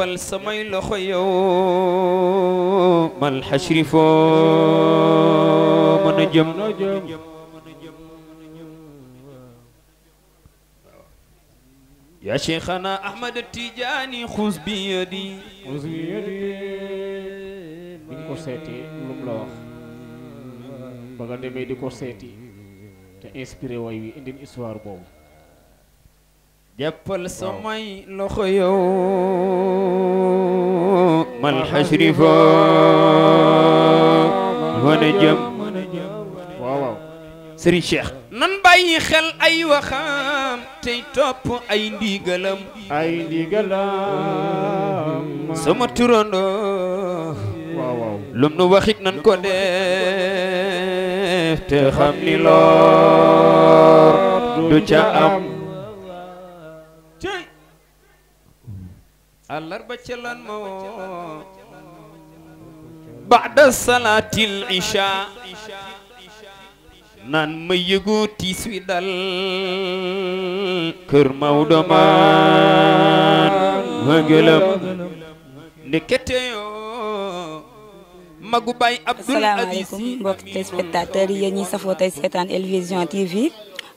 jàppal samay loxo yow mal xasri foo mën أحمد تیجانی خوز بيدي خوز بيدي ديكو سيتي لوم لا واخ باغا تا انسبيري واي وي اندين اسوار jàppal samay loxo yow mal xasri fo mën jëm waaw waaw nan bàyyi xel ay waxam tey topp ay ndigalam ay ndigalam sama turando waaw waaw lum nu waxit nan ko def te xam ni lor du ca am àllarba ca lan ma baada salaatil ishaa naan ma tiis wi dal kër Maodo maan ma gëlëm ndekete yoo magu Baay Abdul Aziz asalaamaaleykum mbokk téléspectateurs yi yéen ñi safoo tey seetaan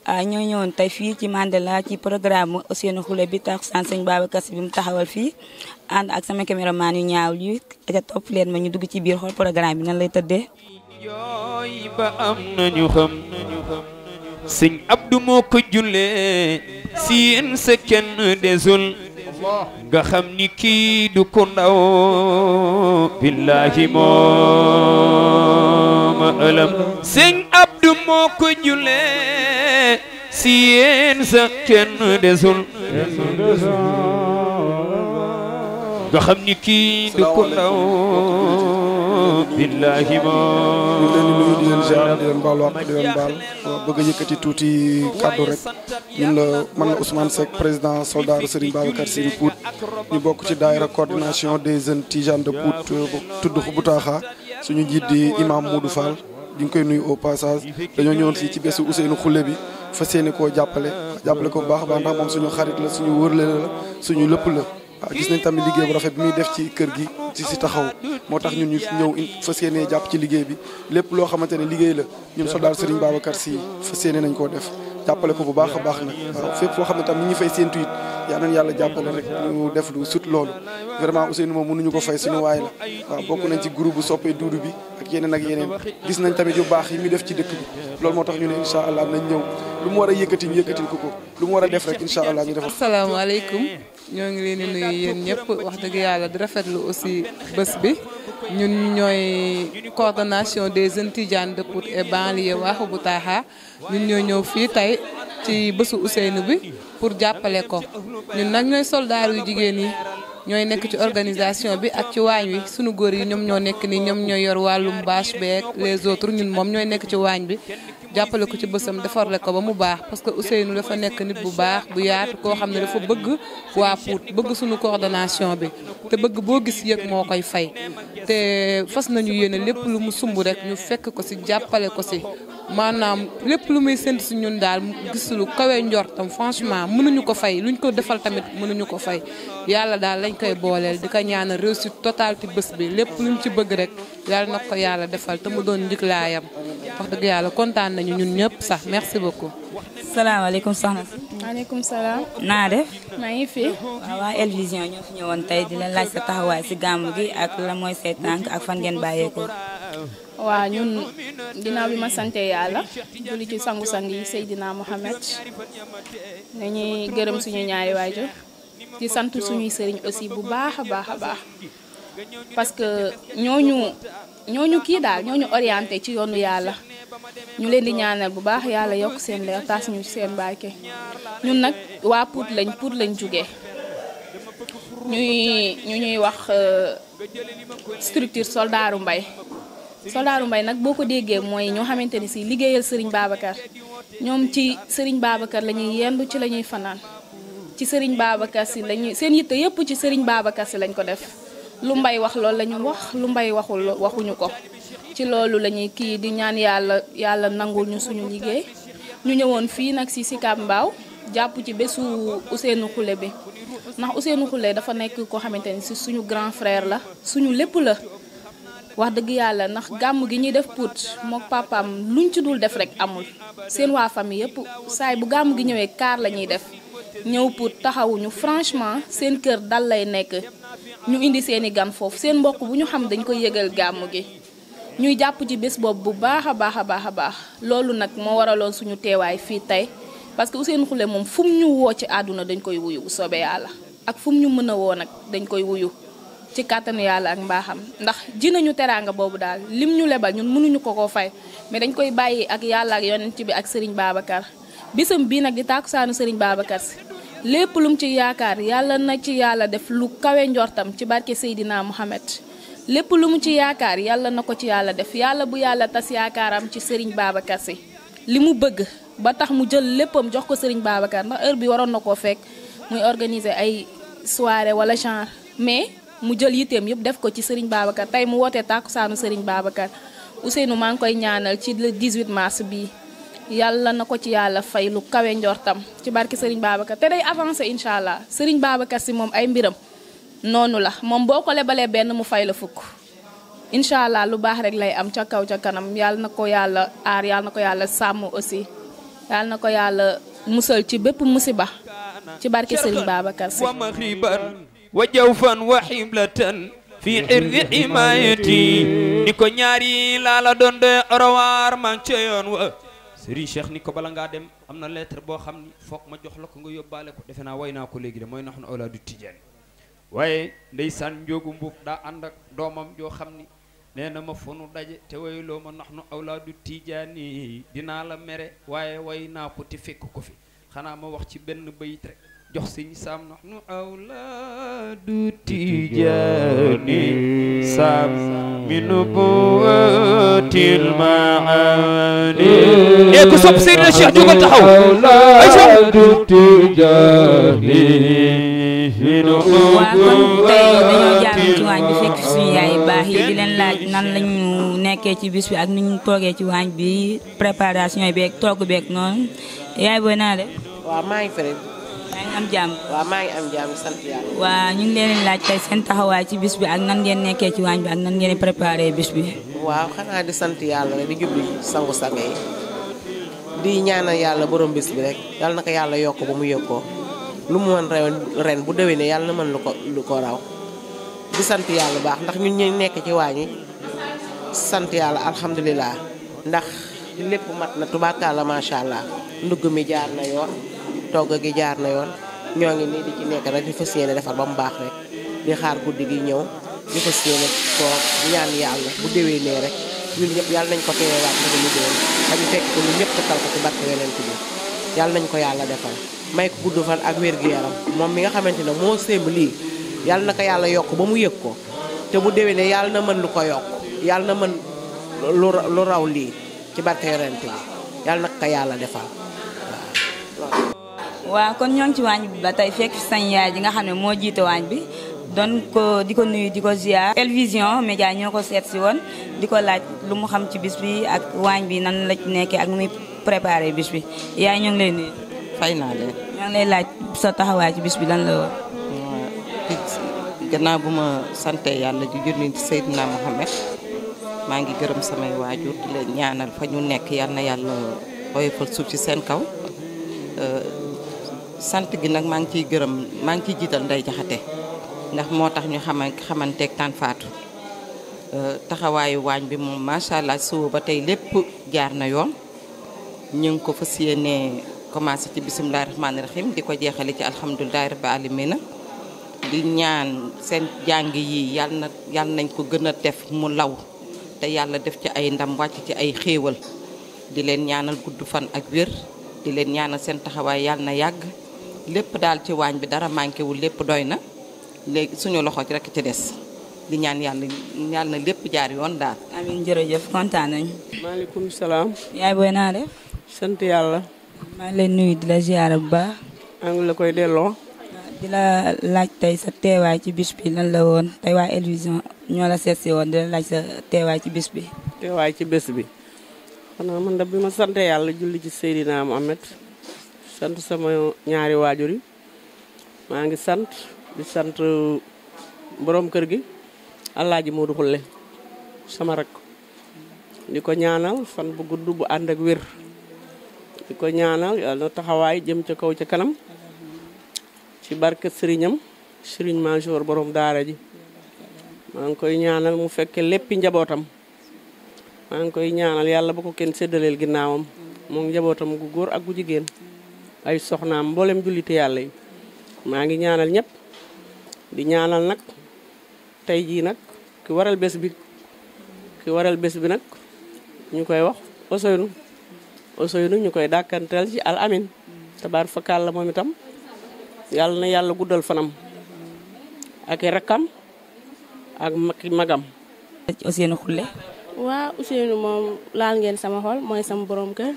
Ah, ñoo ñëwoon tey fii ci Mandela ci programme Ousseynou Khoulé bi tax san sëñ Babacar Sy bi mu taxawal fii ànd ak sama caméraman yu ñaaw yi ca topp leen ma ñu dugg ci biir xool programme bi nan lay tëddee yooy ba am nañu xam sëñ Abdou moo ko jullee si yéen sa kenn desul xam ni kii du ko ndaw billaahi moo ko jullee si yéen sax kenn desul nga xam ni kii du ko ndaw billahi moom ñu bëgg a yëkkati tuuti kàddu rek ñun la man la Ousmane Seck président soldaaru Serigne Babacar Sy Pout ñu bokk ci daayira coordination des jeunes tijanes de Pout tudd Xubutaaxa suñu njiit di imam Modou Fall ñu ngi koy nuyu au passage dañoo ñëwoon fii ci bésu Ousseynou Khoule bi fas yéene koo jàppale jàppale ko bu baax a baax ndax moom suñu xarit la suñu wërle la suñu lépp la waaw gis nañ tamit liggéey bu rafet bi muy def ci kër gi ci si taxaw moo tax ñun ñu ñëw fas yéene jàpp ci liggéey bi lépp loo xamante ne liggéey la ñun soldaar Serigne Babacar si fas yéene nañ koo def jàppale ko bu baax baax na waaw fépp foo xam ne tam ñi fay séentu it yaa yalla yàlla jàppale rek ñu def lu sut loolu vraiment Ousseynou mo mënuñu ko fay suñu waay la waaw bokk nañ ci groupe bu soppee duudu bi ak yeneen ak yeneen gis nañ tamit yu baax yi mu def ci dëkk bi loolu moo tax ñu ne incha allah nañ ñëw lu mu war a yëkkati ko ko lu mu war def rek incha allah ñu def asalaamaaleykum ñoo ngi leen di nuyu yéen ñëpp wax dëgg yàlla di rafetlu aussi bés bi ñun ñooy coordination des jeunes de Pout et banlieue Waxu bu Taaxa ñun ñoo ñëw fii tey ci bésu Ousseynou bi pour jàppale ko ñun nag ñooy soldaar yu jigéen yi ñooy nekk ci organisation bi ak ci waañ wi sunu góor yi ñoom ñoo nekk nii ñoom ñoo yor wàllum bâche beeg les autres ñun moom ñooy nekk ci waañ bi jàppale ko ci bësam defarle ko ba mu baax parce que Ousseynou dafa nekk nit bu baax bu yaatu koo xam ne dafa bëgg waa Pout bëgg suñu coordination bi te bëgg boo gis yëg moo koy fay te fas nañu yéene lépp lu mu sumb rek ñu fekk ko si jàppale ko si manam lepp lu muy sént ci ñun daal gis lu kawe tam franchement mënuñu ko fay luñ ko defal tamit mënuñu ko fay yalla daal lañ koy booleel di ñaanal réussite totale ci bëss bi lepp luñ ci bëgg rek yàlla na yalla defal te mu doon ndik njiglaayam wax deug yalla contane nañu ñun ñëpp sax merci beaucoup. salam soxna si. maaleykum salaam. na def. ma ngi fi. wa waa El Vision ñoo fi ñëwoon tey di leen laaj sa taxaway ci gamu gi ak la moy setank ak fan ngeen ko waa ñun ginnaaw bi ma sante yàlla julli ci sangu-sang yi Seydina Mohamed nañuy gërëm suñu ñaari waajur di sant suñuy sëriñ aussi bu baax a baax a baax parce que ñooñu ñooñu kii daal ñooñu orienté ci yoonu yàlla ñu leen di ñaanal bu baax yàlla yokk seen leer taas ñu seen barke ñun nag waa Pout lañ Pout lañ jóge ñuy ñu ñuy wax euh, structure soldaaru mbay soldaaru mbay nag boo ko déggee mooy ñoo xamante ni si liggéeyal Serigne Babacar ñoom ci Serigne Babacar la ñuy yendu ci la ñuy fanaan ci Serigne Babacar si lañuy seen yitte yëpp ci Serigne Babacar si lañ ko def lu mbay wax loolu la wax lu mbay waxul waxuñu ko ci loolu la kii di ñaan yàlla yàlla nangul ñu suñu liggéey ñu ñëwoon fii nag si Sicap Mbao jàpp ci bésu Ousseynou Khoulé bi ndax Ousseynou Khoulé dafa nekk koo xamante ni si suñu grand frère la suñu lépp la wax dëgg yàlla ndax gàmm gi ñuy def puut mook lu luñ ci dul def rek amul seen waa famille yëpp saay bu gàmm gi ñëwee kaar la ñuy def ñëw puut taxawuñu franchement seen kër dal lay nekk ñu indi seeni gan foofu seen mbokk bu ñu xam dañ koy yëgal gàmm gi ñuy jàpp ci bés boobu bu baax a baax a baax a baax loolu nag moo waraloon suñu teewaay fii tey parce que seen Khoule moom fu mu ñu woo ci àdduna dañ koy wuyu bu soobee yàlla ak fu ñu mën a woo nag dañ koy wuyu ci kàttanu yàlla ak mbaaxam ndax ji nañu teraanga boobu daal lim ñu lebal ñun mënuñu ko koo fay mais dañ koy bàyyi ak yàlla ak yonent bi ak Serigne Babacar bisam bii nag di tàkkusaanu Serigne Babacar si lépp lum ci yaakaar yàlla na ci yàlla def lu kawe njortam ci barke Seydina Mohamed lépp lu mu ci yaakaar yàlla na ko ci yàlla def yàlla bu yàlla tas yaakaaram ci Serigne Babacar si li mu bëgg ba tax mu jël léppam jox ko Serigne Babacar ndax heure bi waroon na koo fekk muy organiser ay soirée wala genre mais. mu jël yitteem yëpp def ko ci Serigne Babacar tey mu wootee tàkkusaanu Serigne Babacar Ousseynou maa ngi koy ñaanal ci le 18 mars bi yàlla na ko ci yàlla fay lu kawe njortam ci barke Serigne Babacar te day avancé incha allah Serigne Babacar si moom ay mbiram noonu la moom boo ko lebalee benn mu fay la fukk incha allah lu baax rek lay am ca kaw ca kanam yàlla na ko yàlla aar yàlla na ko yàlla sàmm aussi yàlla na ko yàlla musal ci bépp musiba ci barke Serigne Babacar وجوفا وحملة في حرز حمايتي نيكو نياري لا لا دون de rawar مان تشيون و سيري شيخ نيكو بالا nga dem amna lettre bo xamni fokk ma jox lako nga yobale ko defena wayna ko legui de moy naxna ola du tidiane waye ndeysan njogu mbuk da and ak domam jo xamni neena ma fonu dajje te waylo ma naxnu awladu tidiane dina la mere waye wayna ko ti fekk ko fi xana ma wax ci ben bayit rek jox sëñ saam nahnu awlaadu tijaani saam min nubuwatil maani ee ku sopp Seydina Cheikh jógal taxaw ay awlaadu tijaani waaw tey dañoo jaar ci waañ bi fekk suñu yaay baax yi di leen laaj nan lañu nekkee ci bis bi ak nu ñu toogee ci waañ bi préparation yi beeg togg beeg noonu yaay booy naa de maa ngi waaw maa am jàmm sant yàlla. waaw ñu leen laaj tey seen taxawaay ci bis bi ak nan ngeen nekkee ci waañ bi ak nan ngeen préparé bis bi. waaw xanaa di sant yàlla di jubli sangu sang yi di ñaanal yàlla borom bis bi rek yàlla na ko yàlla yokk ba mu yokkoo lu mu mën ren ren bu déwénee yàlla mën lu ko lu ko raw di sant yàlla baax ndax ñun ñu nekk ci waañ yi sant yàlla alhamdulilah ndax lépp mat na tubaakaala macha allah ndugg mi jaar na yoon. togg gi jaar na yoon ñoo ngi nii di ci nekk rek di fas yéene defar ba mu baax rek di xaar guddi gi ñëw di fas yéene toog ñaan yàlla bu déwénee rek ñun ñëpp yàlla nañ ko teewaat yàlla nañ ko yàlla defal may ko gudd fan ak wér gu yaram moom mi nga xamante ne moo sémb lii yàlla na ko yàlla yokk ba mu yëg ko te bu déwénee yàlla na mën lu ko yokk yàlla na mën lu raw lii ci barke yonent bi yàlla na ko yàlla defal waaw kon ñoo ngi ci waañ bi ba tey fekk sañ yaay ji nga xam ne moo jiite waañ bi doon ko di ko nuyu di ko ziar. Elvision Média ñoo ko seet si woon di ko laaj lu mu xam ci bis bi ak waañ bi nan la ci nekkee ak nu muy préparé bis bi yaay ñoo ngi lay nuyu. fay naa leen. ñoo lay laaj sa taxawaay ci bis bi lan la woon. gannaaw bu ma sante yàlla di jur ci Seydina Mohamed maa ngi gërëm samay waajur di leen ñaanal fa ñu nekk yal na yàlla oyofal suuf ci seen kaw. sant gi nag maa ngi ciy gërëm maa ngi ciy jiital Ndeye Diakhaté ndax moo tax ñu xama xamanteeg Tane Fatou euh, taxawaayu waañ bi moom macha allah suba ba tey lépp jaar na yoon ñu ngi ko fas yéenee commencé ci bisimilah rahmaani rahim di ko jeexale ci alhamdulilah rabbi alamina di ñaan seen jàng yi yàlla na yàlla nañ ko gën a def mu law te yàlla def ci ay ndam wàcc ci ay xéewal di leen ñaanal gudd fan ak wér di leen ñaanal seen taxawaay yàlla na yàgg. lépp daal ci waañ bi dara manqué wul lépp doy na léegi suñu loxo ci rek ci des di ñaan yàlla ñaan na lépp jaar yoon daal. amiin jërëjëf kontaan nañu. maaleykum salaam. yaay booy naa def. sant yàlla. maa ngi lay nuyu di la ziar bu baax. maa ngi la koy delloo. di la laaj tey sa teewaay ci bis bi lan la woon tey waa El ñoo la seet si woon di la laaj sa teewaay ci bis bi. teewaay ci bés bi. xanaa man da bi ma sant yàlla julli ci Seydina Mohamed. sant sama ñaari waajur yi ngi sant di sant borom kër gi alaaji moodu xulle sama rak di ñaanal fan bu guddu bu and ak wër di ñaanal yalla taxaway jëm ci kaw ci kanam ci barke serignam serign major borom daara ji ma ngi koy ñaanal mu fekke léppi njabotam ma ngi koy ñaanal yalla bu ko kenn ginnawam mo ngi njabotam gu góor ak gu jigen ay soxna mbollem jullite yalla yi ma ngi ñaanal ñep di ñaanal nak tay ji nak ki waral bés bi ki waral bés bi nak ñukoy koy wax Ousseynou Ousseynou ñu koy dàkkanteel ci al amin tabar fakal la moom itam yàlla na yalla guddal fanam ak rakam ak magam. Ousseynou Khoule. wa Ousseynou mom laal ngeen sama xol moy sama borom ke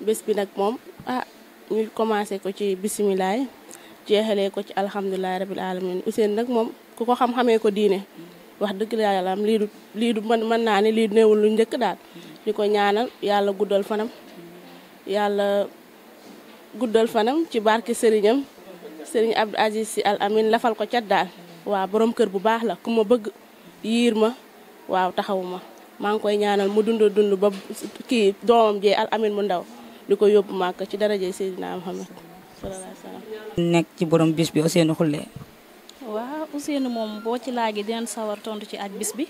bes bi nak mom ah. ñu commencé ko ci bisimilaay jeexalee ko ci alhamdulilah rabil alamin Ousseynou nag moom ku ko xam-xamee ko diine wax dëgg yàlla lii man lii mën mën naa ne lii néewul lu njëkk daal li ko ñaanal yàlla guddal fanam yàlla guddal fanam ci barke sëriñam sëriñ Abdou Aziz Sy Al lafal ko cat daal waaw boroom kër bu baax la ku ma bëgg yiir ma waaw taxawuma ma maa ngi koy ñaanal mu dund dund ba kii doomam jee Al Amin mu ndaw di ko yóbbu màkk ci darajay Seydina Muhammad sallallahu alayhi nekk ci borom bis bi Ousseynou Khoule. waaw Ousseynou moom boo ci laajee dinañ sawar tontu ci ak bis bi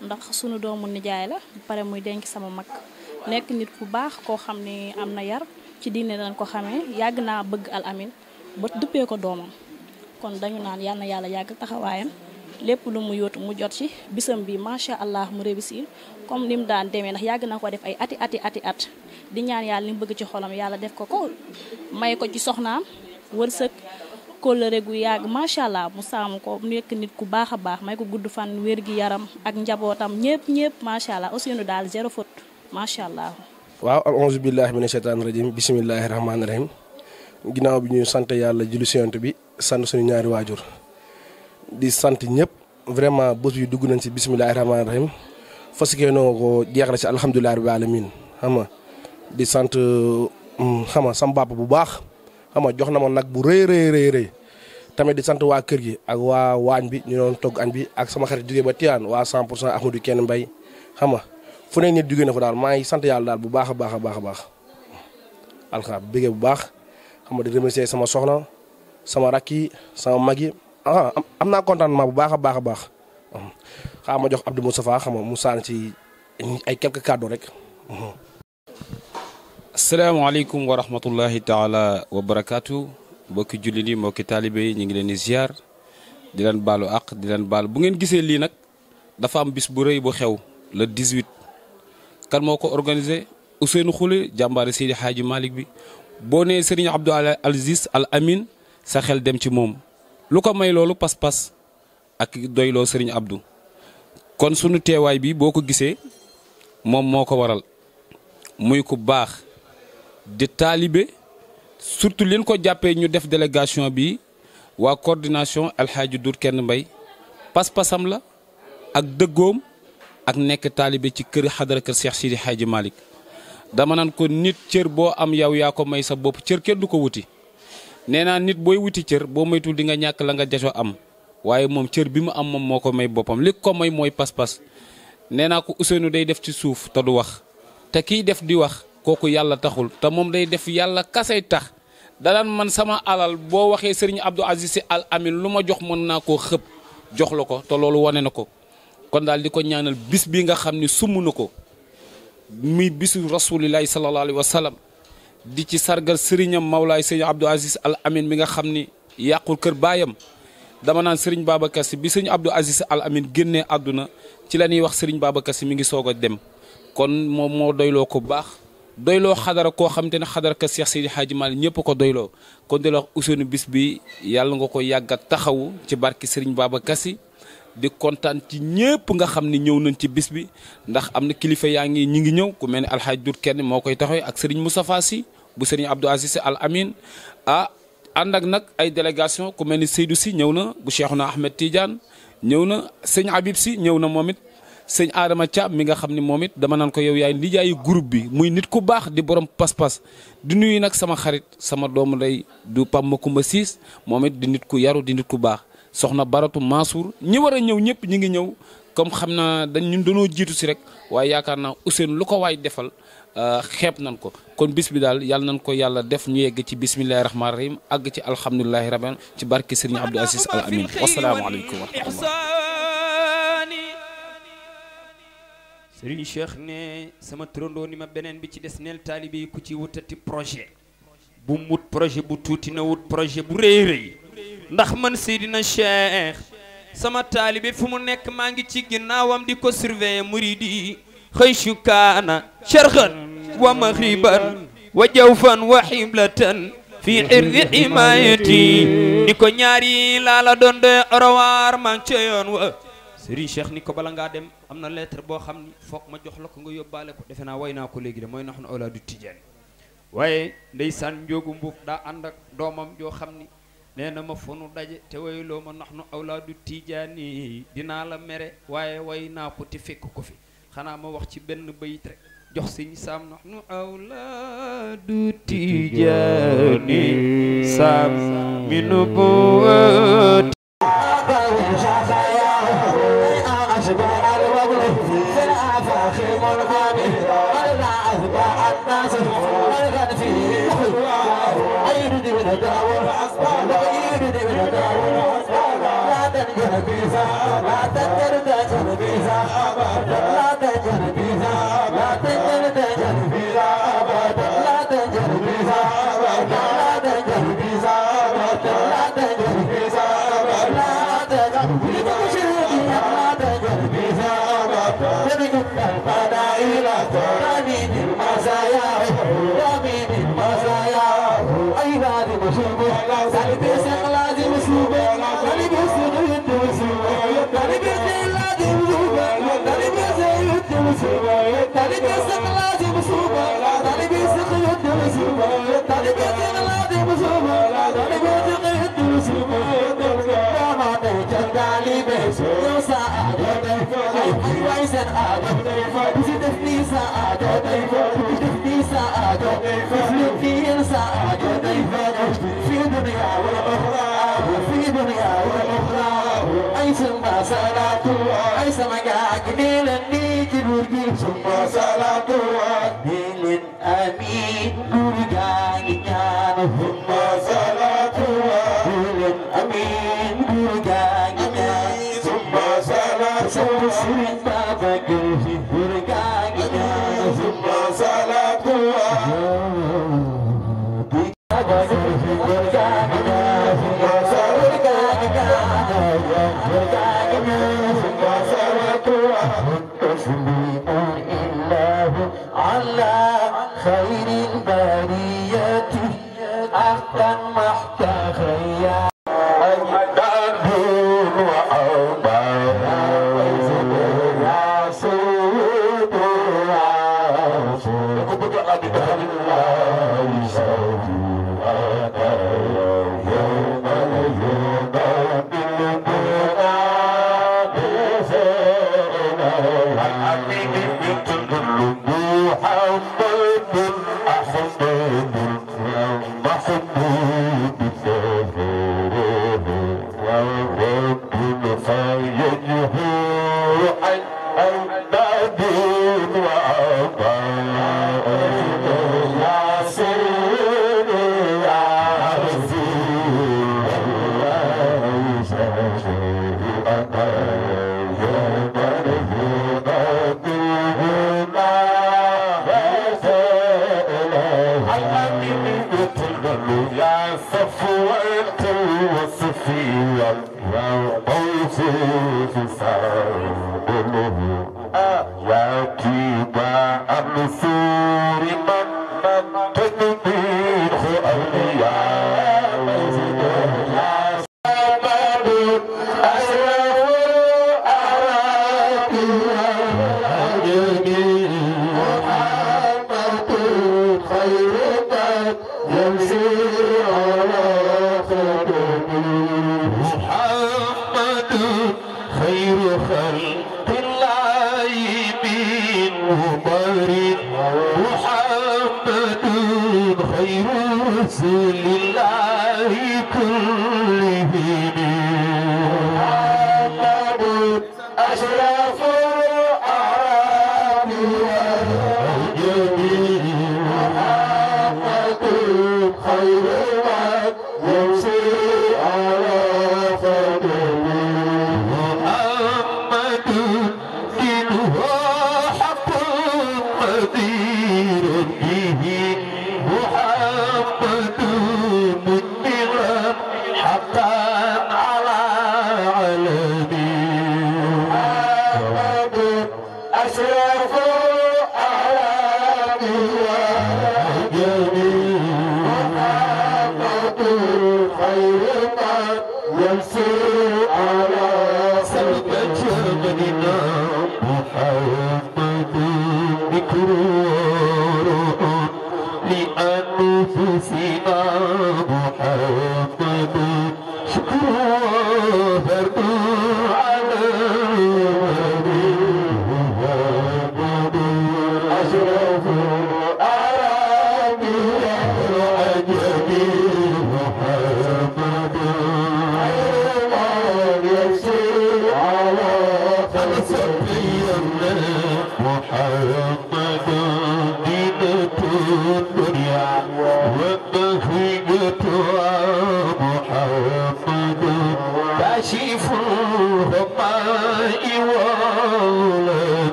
ndax sunu doomu nijaay la pare muy denc sama mag nekk nit ku baax koo xam ne am na yar ci diine dañ ko xamee yàgg naa bëgg al amin ba duppee ko doomam kon dañu naan yal yàlla yàgg taxawaayam. lépp lu mu yóotu mu jot ci bisam bi macha allah mu réussir comme ni mu daan demee ndax yàgg naa ko def ay ati ati ati at di ñaan yàlla li bëgg ci xolam yàlla def ko ko may ko ci soxnaam wërsëg kóllëre gu yàgg macha allah mu saamu ko nekk nit ku baax a baax may ko gudd fan wér gi yaram ak njabootam ñëpp ñëpp macha allah daal zéro macha allah. waaw auzu billahi mina shaytaani rajim bismillahi rahmaani rahim ginnaaw bi ñuy sant yàlla julli séentu bi sant suñu ñaari waajur di sant ñëpp vraiment bés bi dugg nañ ci bismillahi rahmaani rahim fas yéene ko jeexal ci alhamdulilah rabbil alamin xam di sant euh, mm, xam nga sama papa bu baax xam nga jox na ma nag bu rëy rëy rëy tamit di sant waa kër gi ak waa waañ bi ñu doon togg añ bi ak sama xarit jógee ba Tiyaan waa 100 pour cent Ahmadou Kenn Mbay xam nga fu ne nit na fa daal maa ngi sant yàlla daal bu baax a baax a baax a baax bu baax xam nga di sama soxna sama rakk yi sama mag yi ah, am naa contentement bu baax a baax a baax xaaral jox Abdou Moustapha xam mu saan ci ay quelques cadeaux rek. asalaamaaleykum wa rahmatullahi taala wa barakaatu mbokki jullit yi mbokki taalibe yi ñu ngi leen di ziar di leen baalu ak di leen baal bu ngeen gisee lii nag dafa am bis bu rëy bu xew le 18 kan moo ko organisé Ousseynou Khoule jàmbaari Seydi xaaji Malick bi boo nee Serigne Abdou Aziz Al Amin sa xel dem ci moom lu ko may loolu pas-pas ak doyloo sëriñ Abdou kon sunu teewaay bi boo ko gisee moom moo ko waral muy ku baax. di taalibe surtout liñ ko jàppee ñu def délégation bi waa coordination alxaaji du Kenn Mbaye pas-pasam la ak dëggoom ak nekk taalibe ci kër xadara kër Cheikh Sidi Hadji Malick dama naan ko nit cër boo am yow yaa ko may sa bopp cër kenn du ko wuti nee naa nit booy wuti cër boo moytul di nga ñàkk la nga jasoo am waaye moom cër bi mu am moom moo ko may boppam li ko may mooy pas-pas nee naa ko Ousseynou day def ci suuf te du wax te kiy def di wax kooku yàlla taxul te moom day def yàlla kasay tax danaan man sama alal boo waxee sëriñ Abdou Aziz Sy Al lu ma jox mën naa koo xëpp jox la ko te loolu wane na ko kon daal di ko ñaanal bis bi nga xam ni summ na ko muy bisu rasulillahi sallallahu alayhi wa sallam di ci sargal sëriñam Mawlaay sëriñ Abdou Aziz Al Amine mi nga xam ni yàqul kër baayam dama naan sëriñ Babacar Sy bi sëriñ Abdou Aziz Al Amine génnee àdduna ci la ñuy wax sëriñ Babacar Sy mi ngi soog a dem doyloo xadara koo xam te ne xadara ka Cheikh Seydi Hadji Malick ñëpp ko doyloo kon di la wax bis bi yàlla nga ko yàgg taxawu ci barki Serigne Babacar Sy di kontaan ci ñëpp nga xam ni ñëw nañ ci bis bi ndax am na kilifa yaa ngi ñu ngi ñëw ku mel ni alxaaj dut kenn moo koy taxawee ak Serigne Moustapha si bu Serigne Abdou Aziz Al Amin ah ànd ak nag ay délégation ku mel ni Seydou Sy ñëw na bu Cheikhouna Ahmed Tidiane ñëw na sëñ Habib Sy ñëw na moom it sëñ Adama Thiam mi nga xam ni moom it dama naan ko yow yaay nijaayu groupe bi muy nit ku baax di borom pas-pas di nuyu nag sama xarit sama doomu ndey du Pam ma Makumba Siis moom it di nit ku yaru di nit ku baax soxna Baratu Mansour ñi war a ñëw ñëpp ñu ngi ñëw comme xam naa dañ ñun dañoo jiitu si rek waaye yaakaar naa Ousseynou lu ko waay defal euh, xeeb nañ ko kon bis bi daal yàlla nañ ko yàlla def ñu yegg ci bismillahi rahmaani rahim àgg ci alhamdulilahi rabbil ci barki sëriñ Abdou Aziz Al Amin wasalaamualeykum wa Serigne Cheikh ne sama turandoo ni ma beneen bi ci des neel taalibe yi ku ci wutati projet bu mu projet bu tuuti na wut projet bu rëy rëy ndax man Seydina Cheikh sama taalibe fu mu nekk maa ngi ci ginnaawam di ko surveiller muridi xëy sukaana sharxan wa maxriban wa jawfan wa xiblatan fi xirri ximaayati ni ko ñaari laa la doon doy orowaar maa ngi wa Serigne Cheikh ni ko bala ngaa dem am na lettre boo xam ni foog ma jox la ko nga yóbbaale ko defe naa way naa ko léegi de mooy nax na ola du Tijaan waaye ndeysaan njoogu mbuub daa ànd ak doomam joo xam ni nee na ma fonu daje te wayloo ma nax nu awlaa awlaadu tiijaani dinaa la mere waaye way naa ko fekk ko fi xanaa ma wax ci benn bayit jox siñ saam nax nu awlaadu tiijaani أشباع الوضع لا تنجح بيزا لا تنجح بيزا لا دنيا والأخرى وفي دنيا والأخرى أي سما صلاة أي سما جاك نيل النيك الورقي سما صلاة خير البرية اختا محتخيا Oh,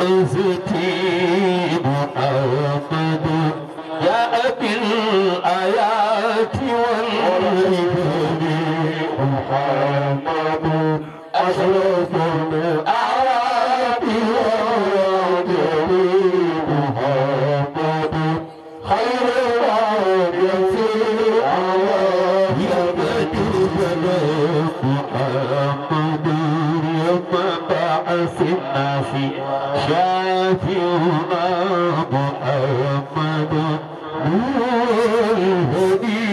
الكتيب أوقد يا أبي الآيات والعباد محمد أشرف الآيات شافي شافعنا محمد نور الهدي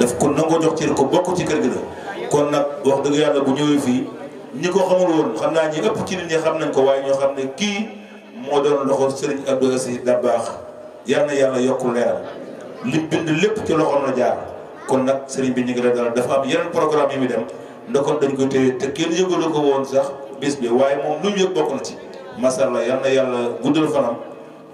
daf kon nangoo jox cër ko bokk ci kër gi la kon nag wax dëgg yàlla bu ñëwee fii ñi ko xamul woon xam naa ñi ëpp ci nit ñi xam nañ ko waaye ñoo xam ne kii moo doon loxo Serigne Abdou Aziz Dabakh yal na yàlla yokku leeral li bind lépp ci loxoom la jaar kon nag Serigne bi ñu ngi la dara dafa am yeneen programme yi muy dem ndokoon dañ ko téye te kenn yëgalu ko woon sax bis bi waaye moom lu ñu yëg bokk na ci masalla yal na yàlla guddal fanam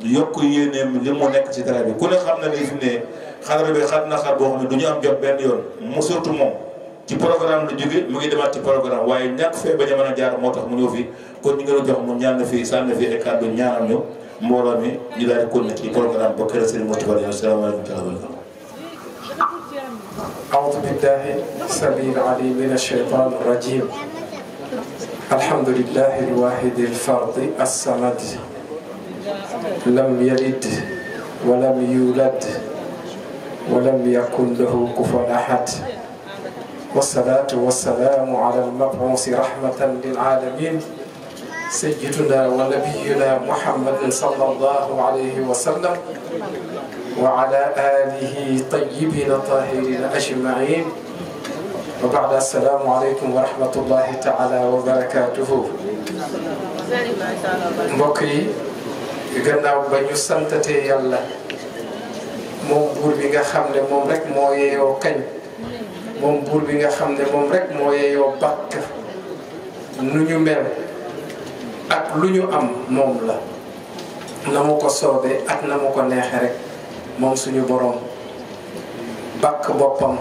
yokk yéeneem li moo nekk ci dara yi ku ne xam na ni fi ne xadara bi xat na xat boo xam ne du ñu am jot benn yoon mu surtout moom ci programme la jóge mu ngi demaat ci programme waaye ñàkk fee bañ a mën a jaar moo tax mu ñëw fii kon ñu ngi la jox mu ñaan fii sànni fii ay kàddu ñaanal ñu mbooloo mi ñu daal di continuer ci programme ba kër Serigne Moustapha Diagne asalaamaaleykum wa rahmatulah. أعوذ بالله السميع العليم من الشيطان الرجيم الحمد لله الواحد الفرد الصمد لم يلد ولم يولد ولم يكن له كفوا أحد والصلاة والسلام على المبعوث رحمة للعالمين سيدنا ونبينا محمد صلى الله عليه وسلم وعلى آله طيبين طاهرين أجمعين وبعد السلام عليكم ورحمة الله تعالى وبركاته بكري yi gannaaw سنتتي ñu moom buur bi nga xam ne moom rek moo yeeyoo kañ moom buur bi nga xam ne moom rek moo yeeyoo bàkk nu ñu mel ak lu ñu am moom la na mu ko soobee ak na mu ko neexe rek moom suñu boroom bàkk boppam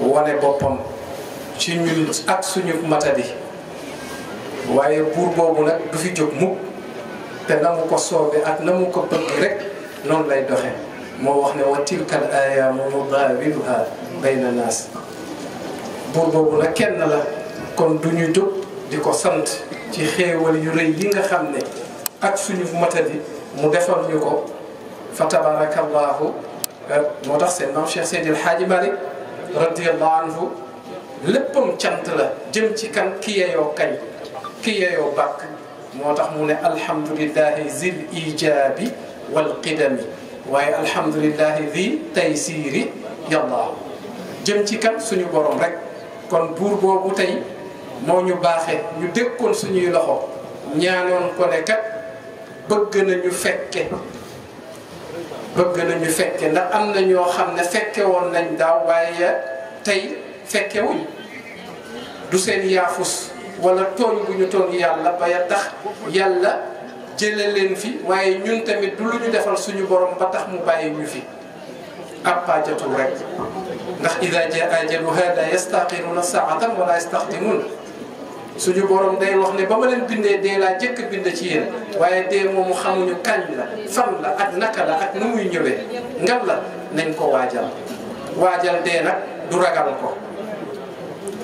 wane boppam ci ñun ak suñu matadi waaye buur boobu nag du fi jóg mukk te na ko soobee ak na mu ko rek noonu lay doxe ما وحنا وتلك الآية ونضاربها بين الناس بربو نكن لا كون دوني جوب ديكو سانت تي خيوال يري ليغا خامني اك سونو متادي مو ديفال نيكو فتبارك الله موتاخ سي نام شيخ سيد الحاج مالك رضي الله عنه leppam cant la jëm ci kan kiyeyoo kañ kiyeyoo bàkk moo tax mu ne alhamdulilahi zil ijabi walqidami waaye alhamdulillahi zi taysiiri yàllaahu jëm ci kan suñu borom rek kon buur boobu tey moo ñu baaxee ñu dékkoon suñuy loxo ñaanoon ko ne kat bëgg nañu fekke bëgg nañu fekke ndax am na ñoo xam ne fekke woon nañ daaw waaye tey fekke wuñ du seen yaafus wala tooñ bu ñu tooñ yàlla ba ya tax yàlla jële leen fi waaye ñun tamit du lu ñu defal suñu borom ba tax mu bàyyi ñu fi appa jotul rek ndax ida jaa ajalu hada yastaqiruuna saatan wala yastaqdimuun suñu borom day wax ne ba ma leen bindee dee laa jëkk bind ci yéen waaye dee moomu xamuñu kañ la fan la ak naka la ak na muy ñëwee ngal la nañ ko waajal waajal dee nag du ragal ko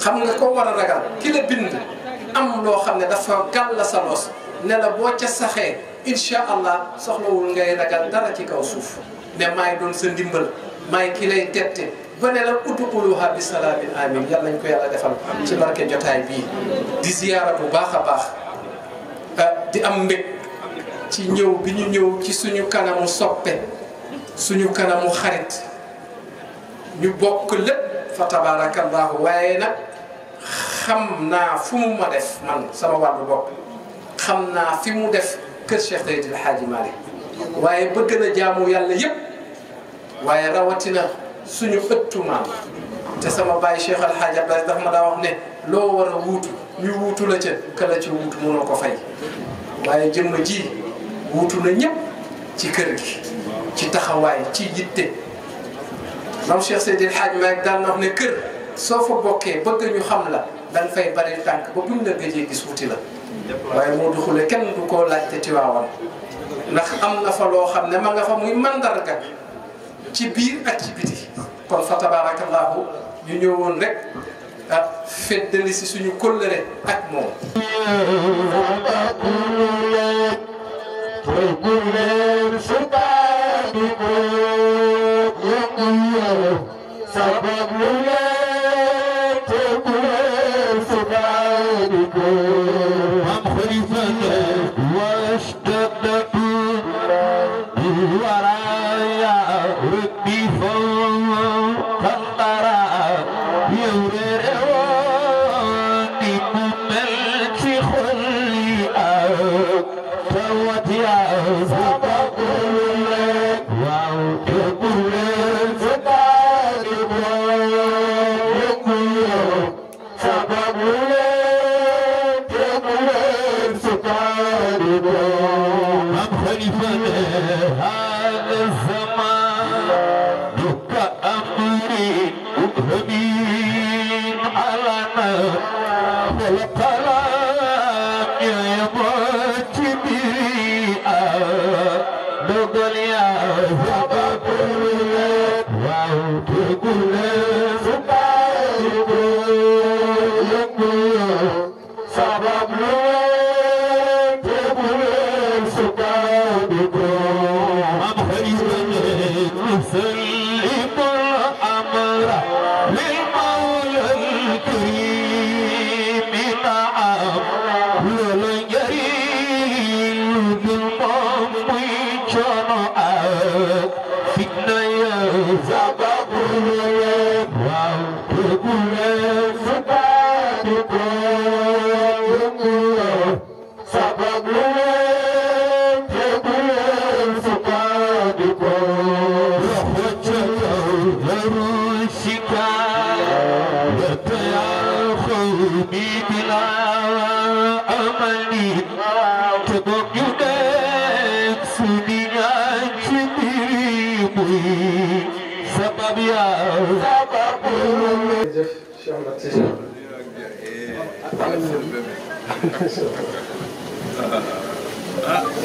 xam nga ko war a ragal ki la bind am loo xam ne dafa gàll sa los نلا بوتش سخه إن شاء الله سخلو ونغاي رجال دارا كي كوسوف نما يدون سندمبل ما يكلي تبت بنلا أتو بلو هاب السلام آمين يلا نكو يلا دفن تبارك كي جتاي بي دي زيارة دي أمبك تي نيو بني نيو تي سنيو كنامو سوبة سنيو كنامو خريت ñu bokk lépp fa tabaraka allah waaye nag خمنا في مدف كل شيخ ديد الحاج مالي واي بقنا جامو يلا يب واي راوتنا سنو قطو مام تسمى باي شيخ الحاج عبد الله دخمنا وحني لو ورا ووت ني ووتو لا تي كلا تي ووت مونو كو فاي واي جيم جي ووتو نا نيب تي كير تي تخاواي تي ييتي نام شيخ سيد الحاج ما دال نخ ني كير سوفو بوكي بقنا نيو خم لا دا فاي بري تانك بو waaye moo duxule kenn du koo laajte Tiwaawan ndax am na fa loo xam ne ma nga fa muy mandarga ci biir ak ci biti kon fa tabaarakallaahu ñu ñëwoon rek ah feddali si suñu kóllëre ak moom sabab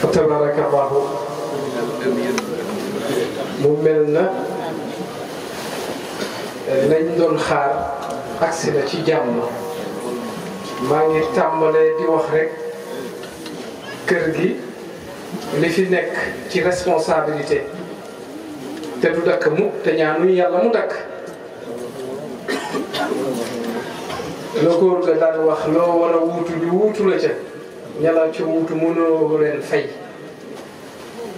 fa tabarakallahu mu mel na lañ doon xaar agsi na ci jàmm maa ngi tàmbalee di wax rekk kër gi li fi nekk ci responsabilité te du dakk mu te ñaanuñ yàlla mu dakk la góor ga daal wax loo war a wuutu ñu wuutu la ca ñala ca wuutu mënoo leen fay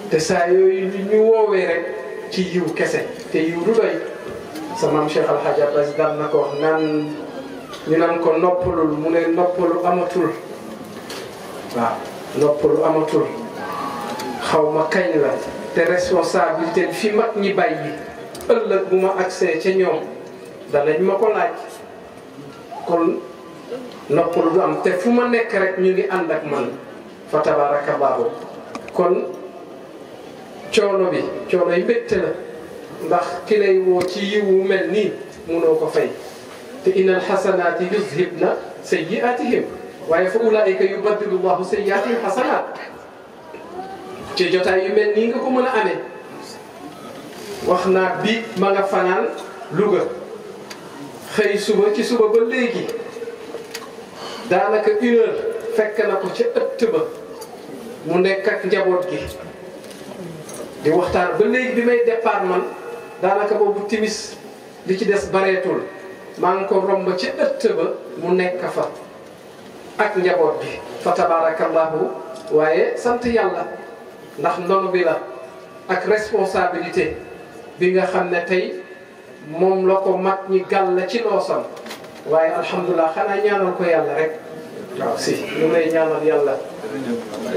te saa yooyu ñu woowee rek ci yiw kese te yiw du doy sa maam Cheikh Al Hadj Abbas na ko wax naan ñu naan ko noppalul mu ne noppalu amatul waaw noppalu amatul xaw ma kañ la te responsabilité bi fi mag ñi bàyyi ëllëg bu ma agsee ca ñoom danañ ma ko laaj. kon noppalu du am te fu ma nekk rek ñu ngi ànd ak man fa tabaraka baabu kon coono bi coono yi mbégte la ndax ki lay woo ci yiw wu mel nii munoo ko fay te innal xasanaati yuzhibna sayyiatihim waaye fa ulaayika yubaddilu llahu sayyiatihim xasanaat ci jotaay yu mel nii nga ko mën a ame wax naa bi ma nga fanaan Louga xëy suba ci suba ba léegi daanaka une fekk na ko ca ëtt ba mu nekk ak njaboot gi di waxtaan ba léegi bi may départ man daanaka boobu timis li ci des bareetul maa ngi ko romb ca ëtt ba mu nekk fa ak njaboot bi fa tabarakallahu waaye sant yàlla ndax ndono bi la ak responsabilité bi nga xam ne tey mom la ko mag ñi gàll ci loosam waaye alhamdulilah xanaa ñaanal ko yàlla rek waaw si lu lay ñaanal yàlla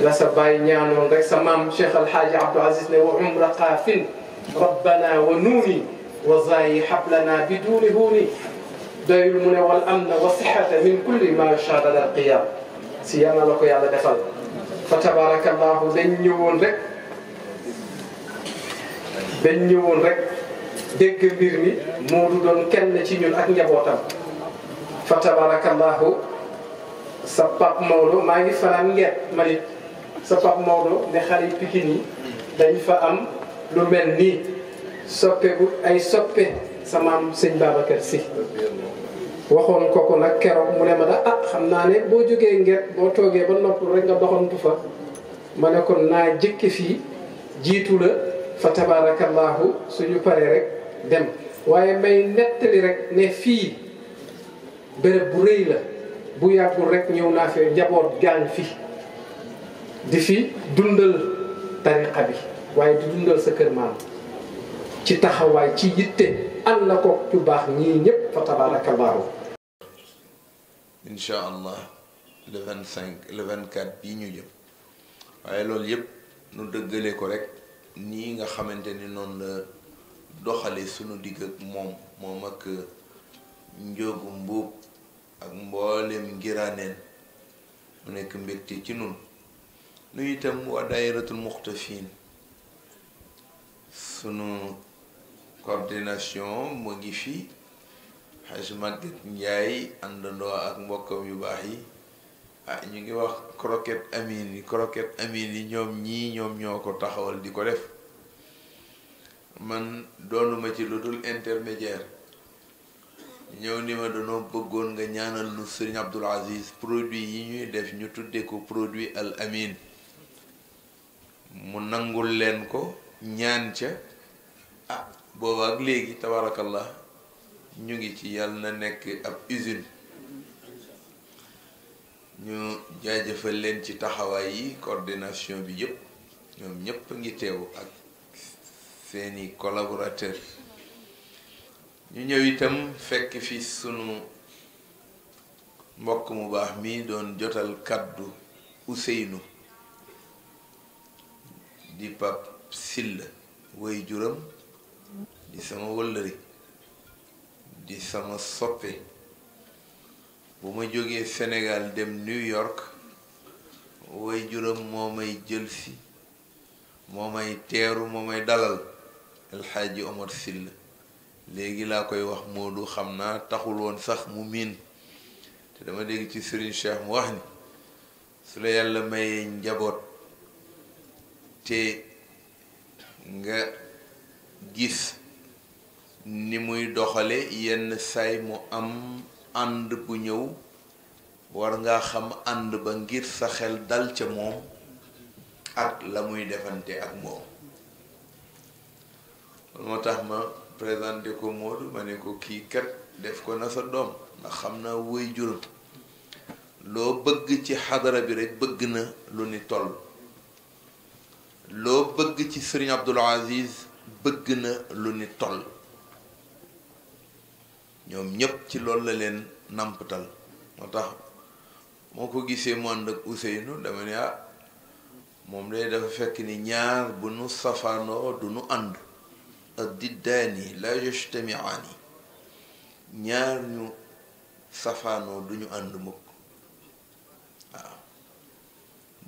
la sa bàyyi ñaanoon rek sa maam Cheikh Alhaaji Abdou Aziz ne wa umra qaafin rabbana wa nuuni wa zaayi hablana bi duuni huuni doyul mu ne wal amna wa sihata min kulli ma shagala la qiyam si yàlla la ko yàlla defal fa tabaarakallahu dañ ñëwoon rek dañ ñëwoon rek dégg mbir mi moo du doon kenn ci ñun ak njabootam fa tabarakallahu sa pap Maodo maa ngi fanaan ngeet manit sa pap Maodo ne xale yi Pikine yi dañ fa am lu mel nii soppe bu ay soppe sa maam sëñ Babacar Sy waxoon ko ko nag keroog mu ne ma da ah xam naa ne boo jógee nget boo toogee ba noppul rek nga doxantu fa ma ne kon naa jëkk fii jiitu la fa tabarakallahu suñu paree rek dem waaye may nettali rek ne fii bërëb bu rëy la bu yàggul rek ñëw naa fi njaboot gaañ fi di fi dundal tariqa bi waaye di dundal sa kër maam ci taxawaay ci yitte ànd na ko ñu baax ñii ñépp fa tabaarakallaahu incha allah le vingt cinq le vingt quatre bii ñu jëm waaye loolu yépp nu dëggale ko rek nii nga xamante ni noonu la doxale suñu digg ak moom moom ak uh, njóogu mbuub ak mboolem ngiraaneen mu nekk mbégte ci nun nu itam waa daayiratul muxtafin sunu coordination mu ngi fi xaj Maguette Ndiaye àndandoo ak mbokkam yu baax yi ah ñu ngi wax croquette amine yi croquette amine ñoom ñii ñoom ñoo ko taxawal di ko def man doonuma ci lu dul intermédiaire ñëw ni ma danoo bëggoon nga ñaanal nu sëriñ Abdul Aziz produit yi ñuy def ñu tuddee ko produit al amin mu nangul leen ko ñaan ca ah booba ak léegi tabarakallah ñu ngi ci yàlla na nekk ab usine ñu jaajëfal leen ci taxawaay yi coordination bi yëpp ñoom ñëpp ngi teew ak seeni collaborateur ñu ñëw itam fekk fi sunu mbokk mu baax mi doon jotal kàddu Ousseynou di Pap Sill woy juram di sama wëllëri di sama soppe bu ma jógee senegal dem New York woy juram moo may jëlsi moo may teeru moo may dalal alxaaji Omar Sylla léegi laa koy wax Moodu xam naa taxul woon sax mu miin te dama dégg ci Serigne Cheikh mu wax ni su la yàlla mayee njaboot te nga gis ni muy doxale yenn saay mu am ànd bu ñëw war ngaa xam ànd ba ngir sa xel dal ca moom ak la muy defante ak moom moo tax ma présenté ko Moodu ma ne ko kii kat def ko na sa doom ndax xam naa woy juróom loo bëgg ci xadara bi rek bëgg na lu ni toll loo bëgg ci Serigne Abdoul Aziz bëgg na lu ni toll ñoom ñépp ci loolu la leen nampatal moo tax moo ko gisee mu ànd ak Ousseynou dama ne ah moom day dafa fekk ni ñaar bu nu safaanoo du nu ànd de la yajtamiaani ñaar ñu de duñu en mukk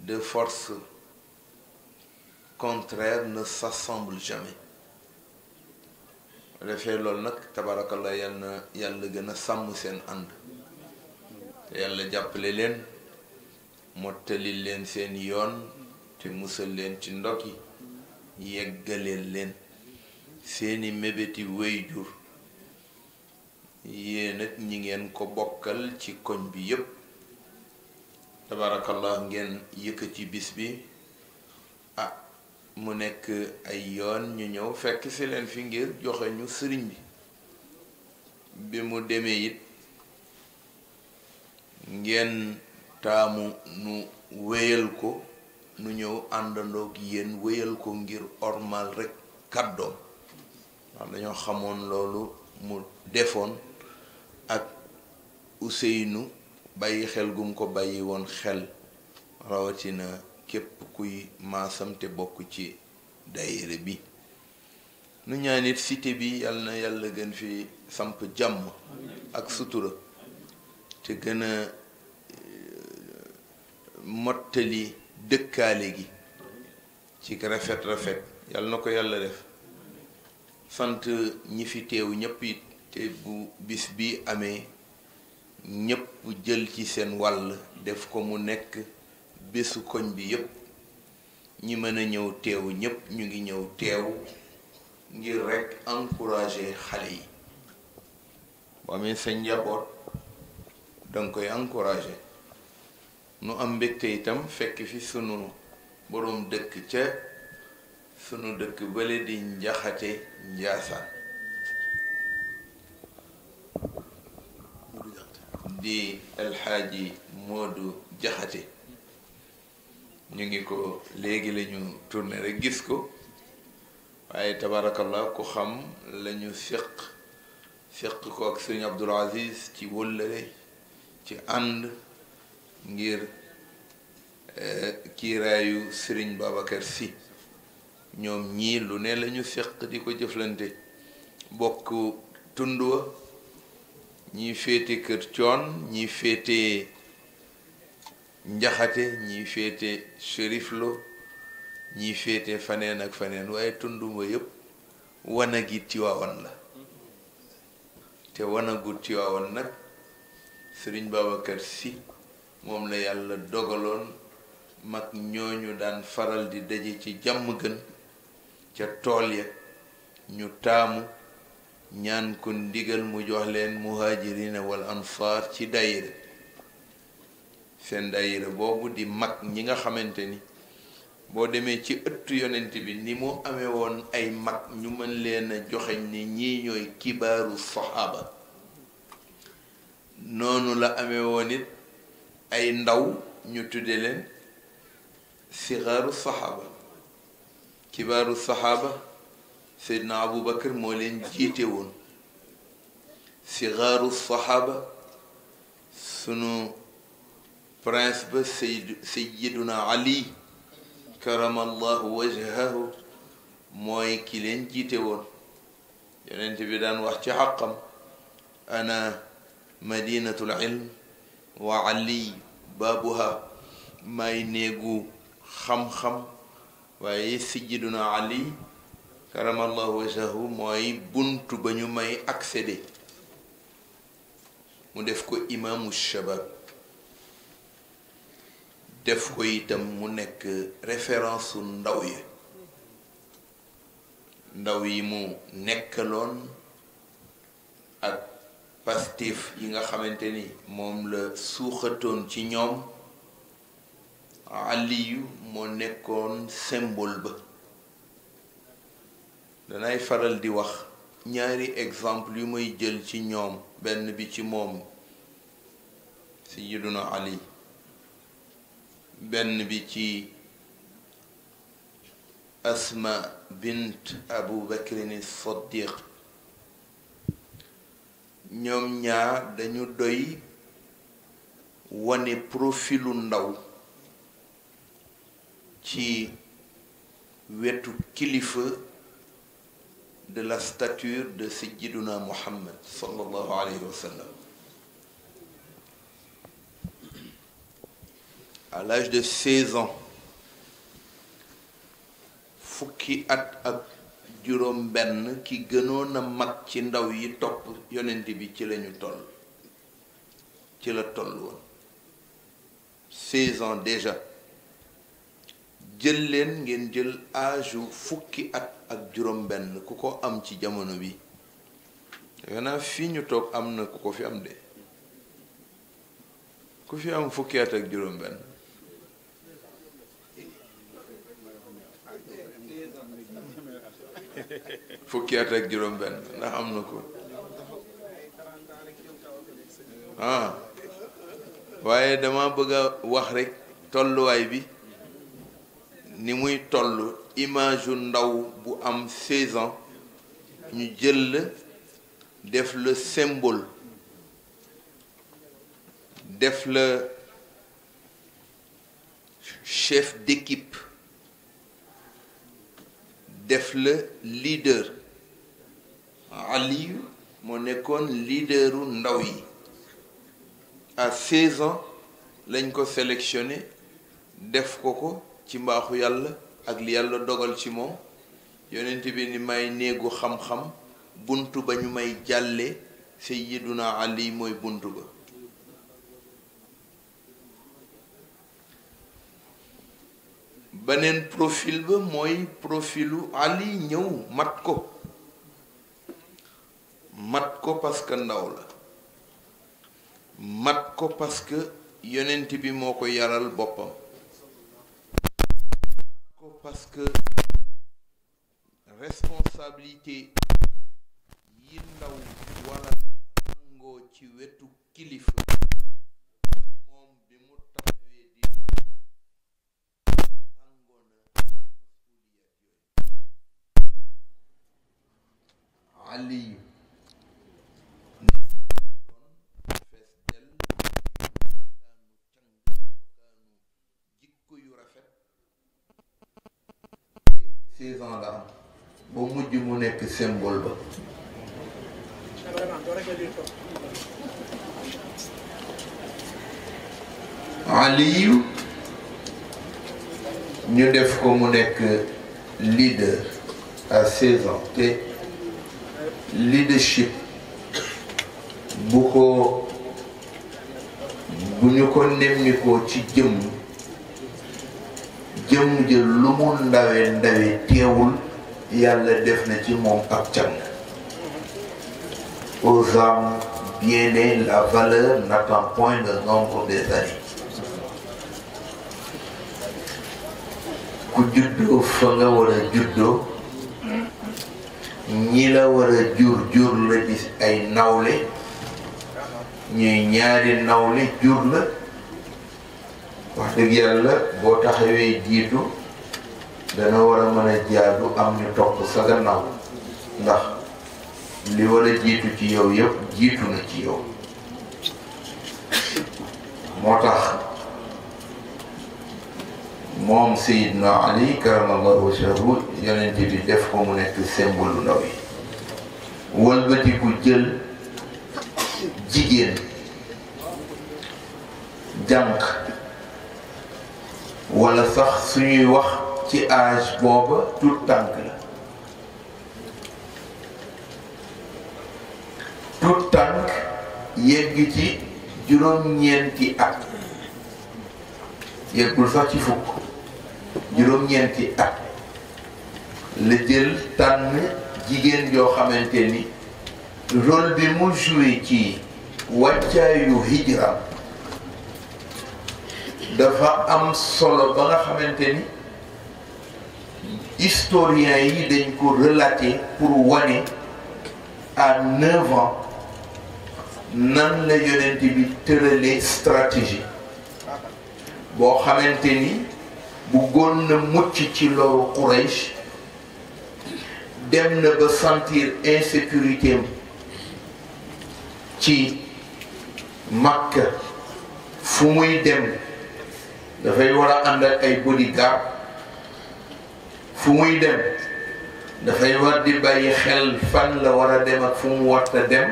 de forces contraires ne s'assemblent jamais Réfère-le lol nak tabarakallah yalla y gëna sam a and yalla len te seeni mébéti wéyjur yéen nag ñi ngeen ko bokkal ci koñ bi yépp tabarakallah ngeen ci bis bi ah mu nekk ay yoon ñu ñëw fekk si leen fi ngir joxe ñu sëriñ bi bi mu demee it ngeen taamu nu wéyal ko nu ñëw àndandoog yéen weyal ko ngir ormal rekk kàddoom am dañoo xamoon loolu mu defoon ak Ousseynou bàyyi xel gum ko bàyyi woon xel rawatina képp kuy maasam te bokk ci daayira bi nu ñaan it cité bi yàlla na yàlla gën fi samp jàmm ak sutura te gën a euh, mottali dëkkaale gi ci rafet rafet yàlla na ko yàlla def sant ñi fi teew ñëpp it te bu bis bi amee ñëpp jël ci seen wàll def ko mu nekk bésu koñ bi yëpp ñi mën a ñëw teew ñëpp ñu ngi ñëw teew ngir rekk encourager xale yi boo amee sa njaboot danga koy encourager nu am mbégte itam fekk fi sunu boroom dëkk ca sunu dëkk bële di njaxate njaasaan di alxaaji moodu jaxate ñu ngi ko léegi lañu tourné rek gis ko waaye tabarakallah ko xam lañu séq séq ko ak sëñ Abdul Aziz ci wëllëre ci ànd ngir eh, kiiraayu sëriñ Babacar si ñoom ñii lu ne lañu seq di ko jëflante bokk tund wa ñii féete kër coon ñii féete njaxate ñii féete shérif lo ñii féete faneen ak faneen waaye tund wa yépp wanagi tiwaawan la te wanagu tiwaawan nag sëriñ Babacar si moom la yàlla dogaloon mag ñooñu daan faral di daje ci jàmm gën ca tool ya ñu taamu ñaan ko ndigal mu jox leen muhajirina wal ansaar ci dayira seen dayira boobu di mag ñi nga xamante ni boo demee ci ëttu yonent bi ni mu amee ay mag ñu mën leen a joxeñ ni ñi ñooy kibaaru saxaaba noonu la amewoon it ay ndaw ñu tudde leen sigaaru saxaaba كبار الصحابة سيدنا أبو بكر مولين جيتون صغار الصحابة سنو برنس سيدنا علي كرم الله وجهه موي كيلين جيتون يعني بدان وحتي حقا أنا مدينة العلم وعلي بابها ماي نيغو خم خم waaye sijiduna ali karamallahu wajahu mooy buntu ba ñu may accéder mu def ko imam shabab def ko itam mu nekk référence ndaw ya ndaw yi mu nekkaloon ak pastif yi nga xamante ni moom la suuxatoon ci ñoom aliyu moo nekkoon symbole ba danay faral di wax ñaari exemple yu may jël ci ñoom benn bi ci moom sayyiduna Ali benn bi ci Asma bint Abu Bakrin Siddiq ñoom ñaar dañu doy wane profilu ndaw ci wetu kilifa de la stature de Sayyiduna Muhammad sallallahu alayhi wa sallam à l'âge de 16 ans fukki at ak juróom ben ki gënoon a mag ci ndaw yi top yonent bi ci lañu toll ci la toll won. 16 ans déjà jël leen ngeen jël âge fukki at ak juróom-benn ku ko am ci jamono bi defe naa fii ñu toog am na ku ko fi am de ku fi am fukki at ak juróom-benn fukki at ak juróom-benn ndax am na ko ah. waaye dama bëgg a wax rekk tolluwaay bi. ni muy toll image ndaw bu am 16 ans ñu jël def le symbole def chef d'équipe def le leader Ali mo nekkoon leaderu ndaw yi à 16 ans lañ ko sélectionné def ko ko ci mbaaxu yàlla ak li yàlla dogal ci moom yonent bi ni may néegu xam-xam bunt ba ñu may jàlle sayyiduna ali mooy bunt ba beneen profil ba mooy profilu ali ñëw mat ko mat ko parce ndaw la mat ko parce que yonent bi moo ko yaral boppam parce que responsabilité yi ndaw wala nangoo ci wetu kilifa moom bi mu taxawee di nangoo na masuliyat yooyu aliyu six ans la am mujj mu nekk symbole ba Aliyu ñu def ko mu nekk leader à seize te leadership bu ko bu ñu ko nemmi ko ci jëmm jëmm jël lu mu ndawee ndawee teewul yàlla def na ci moom ab cam aux âmes bien nées la valeur n'attend point le nombre des années ku juddoo fa nga war a juddoo ñi la war a jur jur la di ay nawle ñuy ñaari nawle jur la wax dëgg yàlla boo taxawee jiitu dana war a mën a jaadu am ñu topp sa ndax li war a jiitu ci yow yépp jiitu na ci yow moo tax moom Seydina Ali karamallahu wajhahu yonent bi def ko mu nekk symbole ndaw yi wëlbatiku jël jigéen jànq wala sax suñuy wax ci âge booba tout tànk la tout tànk yegg ci juróom-ñeenti at yeggul sax ci fukk juróom-ñeenti at la jël tànn jigéen joo xamante ni rôle bi mu joué ci wàccaayu hijra dafa am solo ba nga xamante ni historiens yi dañ ko relater pour wane à 9 ans nan la yonent bi tëralee stratégie boo xamante ni bu gon na mucc ci loru Quraysh dem na ba sentir insécurité ci Makka fu muy dem dafay war a ànd ak ay bodyguard fu muy dem dafay war di bàyyi xel fan la war a dem ak fu mu warta dem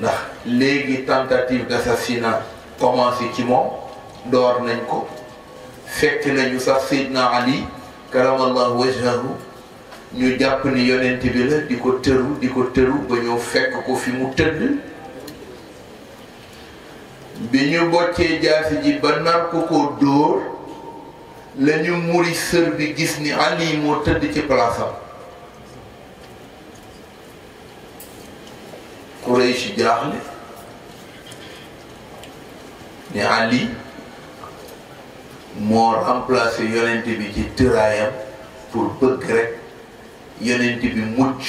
ndax léegi tentative d'assassinat commencé ci moom door nañ ko fekk nañu sax Seydina Ali karamallahu wajhahu ñu jàpp ni yonent bi la di ko tëru di ko tëru ba ñëw fekk ko fi mu tëdd bi ñu boccee jaasi ji ba nar ko dóor la muri sër bi gis ni Ali moo tëdd ci palaasam Quraysh jaaxle ni Ali moo remplacé yonent bi ci tëraayam pour bëgg rek yonent bi mucc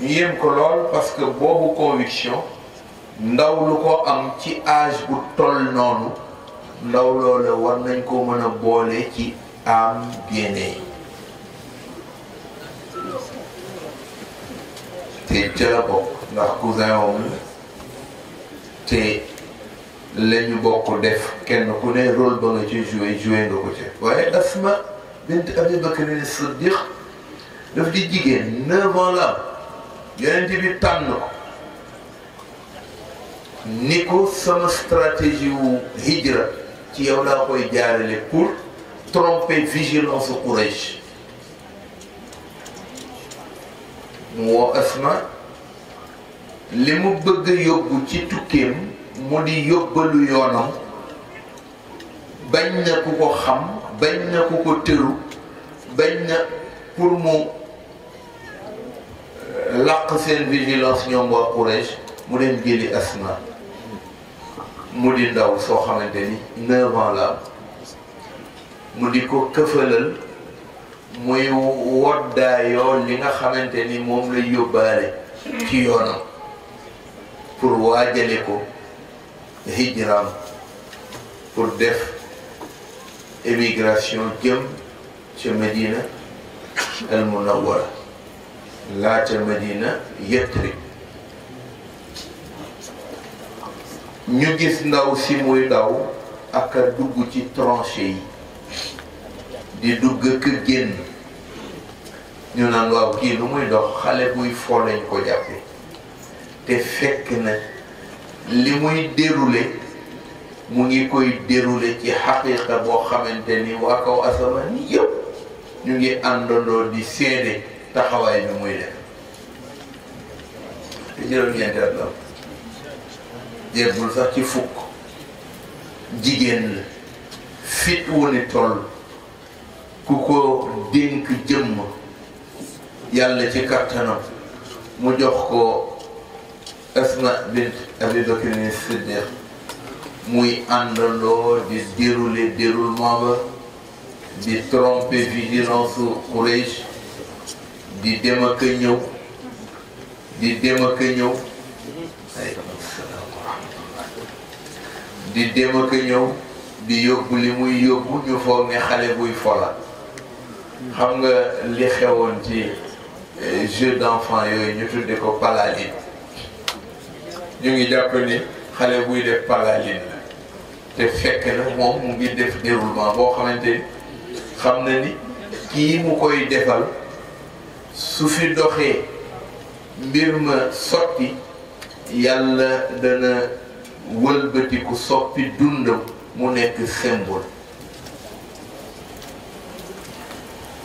ñu ko lool parce que boobu conviction ndaw lu ko am ci âge bu toll noonu ndaw loola war nañ koo mën a boole ci am génne te ca la bokk ndax cousin woom te la bokk def kenn ku ne rôle ba nga ci joué joué nga ca waaye Asma bint Abi Bakr Siddiq daf di jigéen neuf ans la am yonent tànn ni ko sama stratégie wu hijra ci yow laa koy jaarale pour tromper vigilance Quraysh mu woo Asma li mu bëgg yóbbu ci tukkeem mu di yóbbalu yoonam bañ na ku ko xam bañ na ku ko tëru bañ na pour mu euh, làq seen vigilance ñoom waa Quraysh mu dem jëli Asma mu داو سو soo xamante ni neuf ans la mu di ko këfalal muy woddaayoo li nga xamante ni moom la yóbbaale pour wajale ko hijram pour def émigration jëm ci Medina al Munawwara la ca Medina Yatrib ñu gis ndaw si muy daw ak a dugg ci tranchée yi di dugg kër génn ñu naan waaw kii lu muy dox xale buy fo ko jàppe te fekk na li muy déroulé mu ngi koy déroulé ci xaqiqa boo xamante ni waa kaw asamaan yëpp ñu ngi àndandoo di seede taxawaay bi muy def te juróom-ñeenti at yeggul sax ci fukk jigéen la fit wu ni toll ku ko dénk jëmm yàlla ci kattanam mu jox ko Asma bint Abi Bakr Siddiq muy àndandoo di dérouler déroulement ba di tromper vigilance Quraysh di dem ak a ñëw di dem ak a ñëw di dem ak ñëw di yóbbu li muy yóbbu ñu foog ne xale buy fola xam nga li xewoon ci eh, jeu d'enfant yooyu ñu tudde ko palaline ñu ngi jàpp ni xale buy def palaline te fekk na moom mu ngi def déroulement boo xamante ni xam na ni kii mu koy defal su fi doxee mbir ma sotti yàlla dana wëlbatiku soppi dundam mu nekk symbole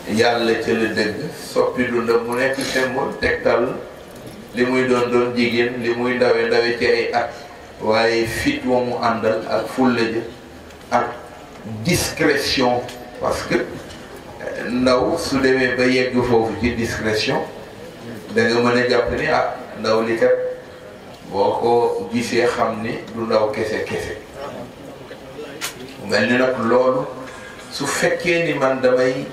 yàlla ca la dëgg soppi dundam mu nekk symbole tegtal li muy doon doon jigéen li muy ndawe ndawe ci ay at waaye fit wa mu àndal ak fulla ja ak discrétion parce que eh, ndaw su demee ba yegg foofu ci discrétion da nga mën a jàpp ni ah ndaw li kat boo ko gisee xam ni du ndaw kese kese mel ni nag loolu su fekkee ni man damay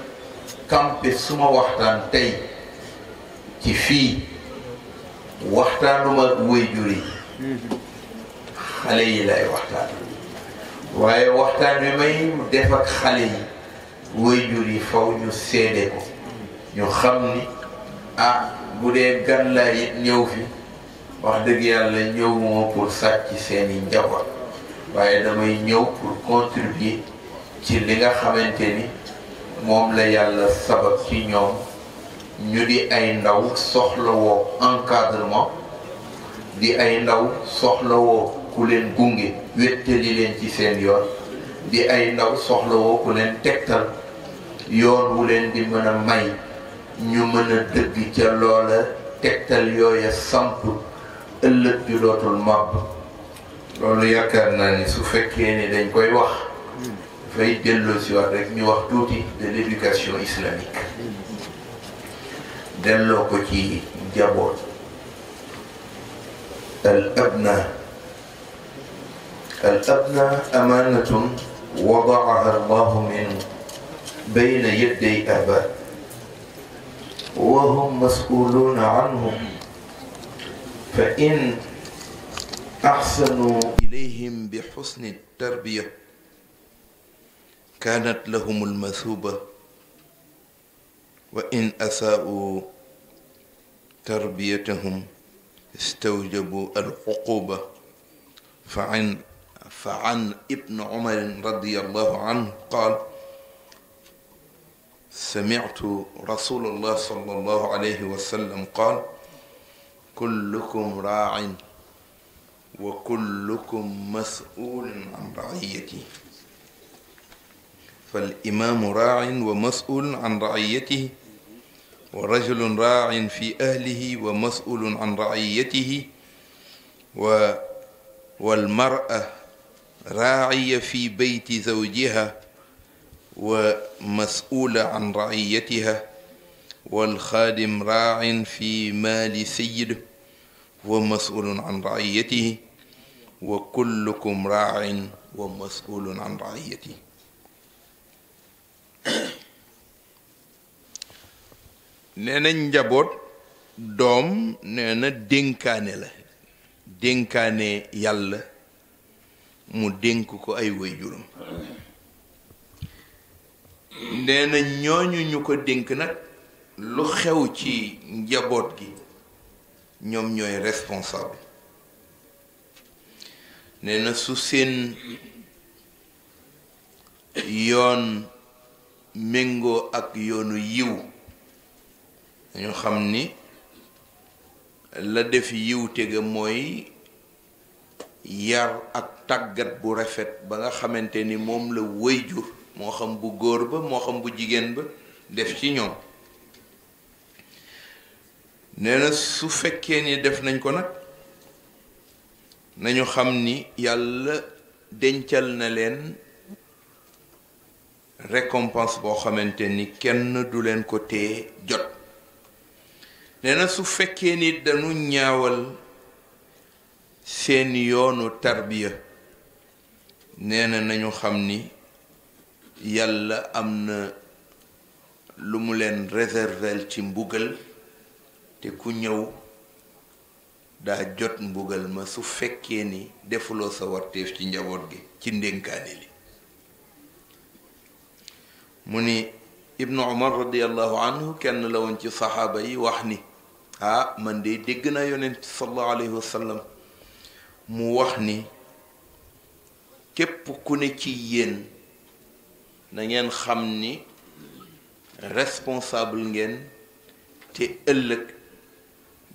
campé suma waxtaan tey ci fii waxtaanuma waajur yi xale yi lay waxtaan waaye waxtaan bi may def ak xale yi waajur yi faw ñu seede ko ñu xam ni ah bu dee gan ñëw fii wax dëgg yàlla ñëw moo pour sàcc seeni njaboot waaye damay ñëw pour contribuer ci li nga xamante ni moom la yàlla sabab ci ñoom ñu di ay ndaw soxlawoo encadrement di ay ndaw soxlawoo ku leen gunge wéttali leen ci seen yoon di ay ndaw soxlawoo ku leen tegtal yoon wu leen di mën a may ñu mën a dëgg ca loola tegtal yooya samp ëllëg bi dootul mab loolu yaakaar naa ni su fekkee ni dañ koy wax fay delloo si wax rek ñu wax tuuti de l' éducation islamique delloo ko ci jaboot al abna al abna amanatun wadaaha allahu min bayna yaday aba wa hum mas'uluuna anhum فإن أحسنوا إليهم بحسن التربية كانت لهم المثوبة وإن أساءوا تربيتهم استوجبوا العقوبة فعن فعن ابن عمر رضي الله عنه قال سمعت رسول الله صلى الله عليه وسلم قال كلكم راع وكلكم مسؤول عن رعيته فالإمام راع ومسؤول عن رعيته ورجل راع في أهله ومسؤول عن رعيته و والمرأة راعية في بيت زوجها ومسؤولة عن رعيتها والخادم راع في مال سيده ومسؤول عن رعيته وكلكم راع ومسؤول عن رعيته نانا نجابوت دوم نانا دينكاني لا دينكاني يالا مو دينكوكو اي ويجورم نانا نيونيو نيوكو دينك نك lu xew ci njaboot gi ñoom ñooy responsable nee na su seen yoon méngoo ak yoonu yiw dañu xam ni la def yiw tege mooy yar ak tàggat bu rafet ba nga xamante ni moom la wéyjur moo xam bu góor ba moo xam bu jigéen ba def ci ñoom neena na su fekkee ni def nañ ko nag nañu xam ni yàlla dencal na leen récompense boo xamante ni kenn du leen ko téye jot nee su fekkee ni dañu ñaawal seeni yoonu tarbiya neena nañu xam ni yàlla am na lu mu leen réserver ci mbugal te ku ñëw daa jot mbugal ma su fekkee ni defuloo sa warteef ci njaboot gi ci ndénkaane li mu ni ibnu umar radiallahu anhu kenn la woon ci saxaaba yi wax ni ah man de dégg naa yonent sallallahu alayhi wa mu wax ni képp ku ne ci yéen nangeen xam ni responsable ngeen te ëllëg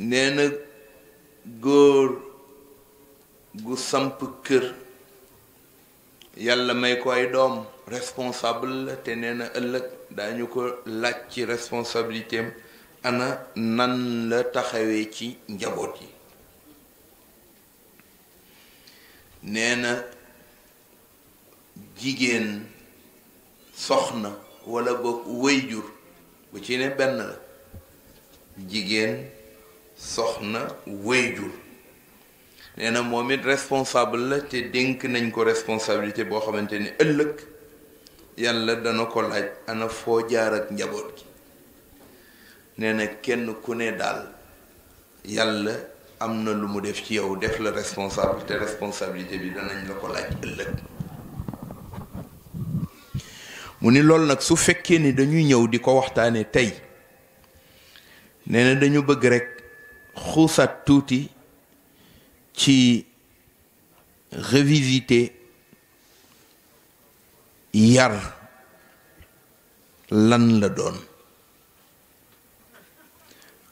nee góor gu samp kër yàlla may ko ay doom responsable la te nee ëllëg daañu ko laaj ci responsabilité am ana nan la taxawee ci njaboot yi neena jigéen soxna wala boog wëyjur bu ci ne benn la jigéen soxna wéyjur nee na moom it responsable la te dénk nañ ko responsabilité boo xamante ni ëllëg yàlla dana ko laaj ana foo jaar ak njaboot gi nee na kenn ku ne daal yàlla am na lu mu def ci yow def la responsable te responsabilité bi danañ la ko laaj ëllëg mu ni loolu nag su fekkee ni dañuy ñëw di ko waxtaanee tey nee dañu bëgg rekk xuusaat tuuti ci yar lan la doon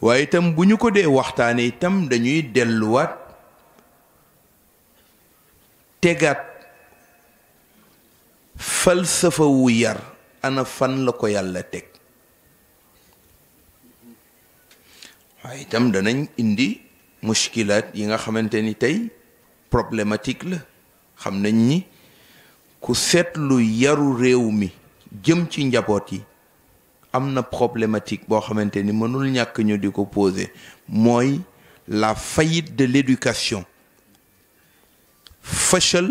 waaye itam bu ñu ko dee waxtaane dañuy yar ana fan la ko waaye itam danañ indi mushkilaat yi nga xamante ni tey problématique la xam nañ ni ku seetlu yaru réew mi jëm ci njaboot yi am na problématique boo xamante ni mënul ñàkk ñu di ko poser mooy la fayit de l'éducation fëchal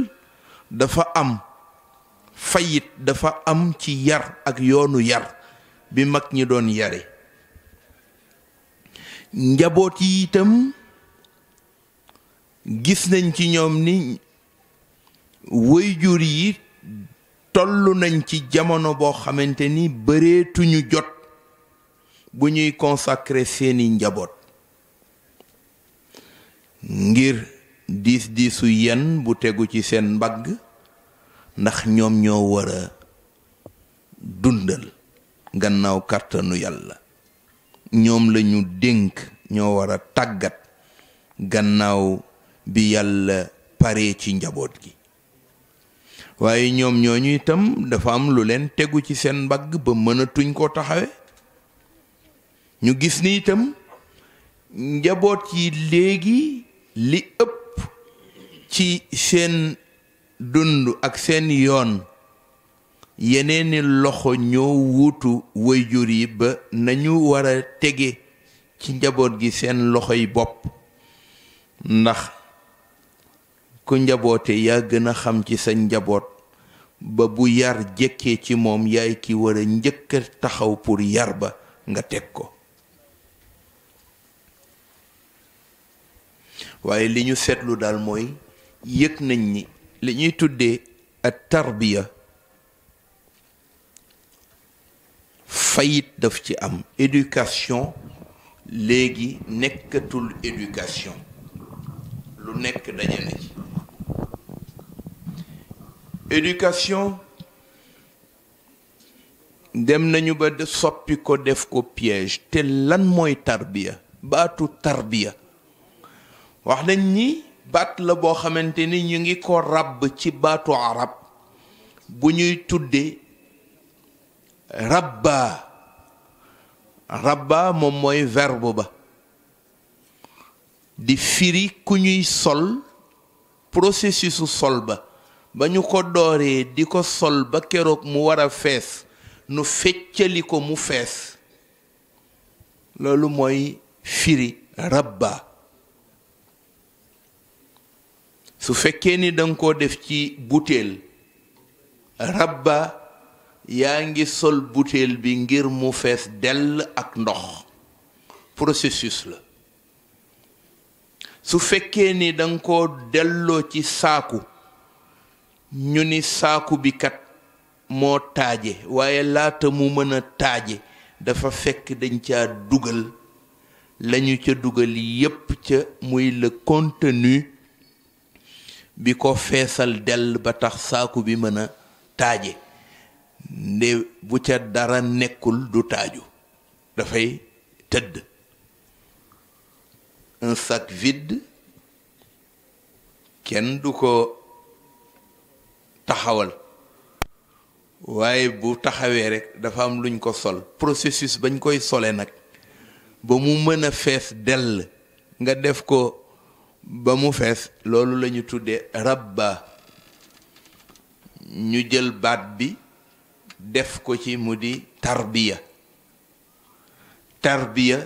dafa am faillite dafa am ci yar ak yoonu yar bi mag ñi doon yare njaboot yi itam gis nañ ci ñoom ni waajur yi tollu nañ ci jamono boo xamante ni bëreetuñu jot bu ñuy consacrer seeni njaboot ngir diis diisu yenn bu tegu ci seen mbagg ndax ñoom ñoo wara a dundal gannaaw kàttanu yàlla ñoom lañu ñu dénk ñoo war a tàggat gannaaw bi yàlla paree ci njaboot gi waaye ñoom ñoo ñu itam dafa am lu leen tegu ci seen mbagg ba mënatuñ koo taxawe ñu gis ni itam njaboot yi léegi li ëpp ci seen dund ak seen yoon yeneeni loxo ñoo wuutu wayjur yi ba nañu wara tege ci njaboot gi seen loxo yi bopp ndax ku njaboote yaa gën a xam ci sa njaboot ba bu yar jekkee ci moom yaay ki wara a njëkk taxaw pour yar ba nga teg ko waaye li ñu seetlu daal mooy yëg nañ ni li ñuy tuddee at tarbiya faillite daf am éducation léegi nekkatul éducation lu nekk dajale éducation dem nañu ba de soppi ko def ko piège té lan mooy tarbiya baatu tarbiya wax nañ ni bat la bo xamanteni ni ñu ngi ko ràbb ci baatu arab bu ñuy tuddé rabba rabba moom mooy verbe ba di firi ku ñuy sol processusu sol ba ba ñu ko dooree di ko sol ba keroog mu war a fees nu feccali ko mu fees loolu mooy firi rabba su fekkee ni danga ko def ci butéel rabba yaa ngi sol butéel bi ngir mu fees dell ak ndox processus la su fekkee ni danga ko delloo ci saaku ñu ni saaku bi kat moo taaje waaye laata mu mën a taaje dafa fekk dañ caa dugal lañu ca dugal yépp ca muy le contenu bi ko feesal dell ba tax saaku bi mën a taaje ne bu ca dara nekkul du taaju dafay tëdd un sac vide kenn du ko taxawal waaye bu taxawee rek dafa am luñ ko sol processus bañ koy sole nag ba mu mën a fees dell nga def ko ba mu fees loolu lañu ñu tuddee ba ñu jël baat bi def ko ci mu di tarbiya tarbiya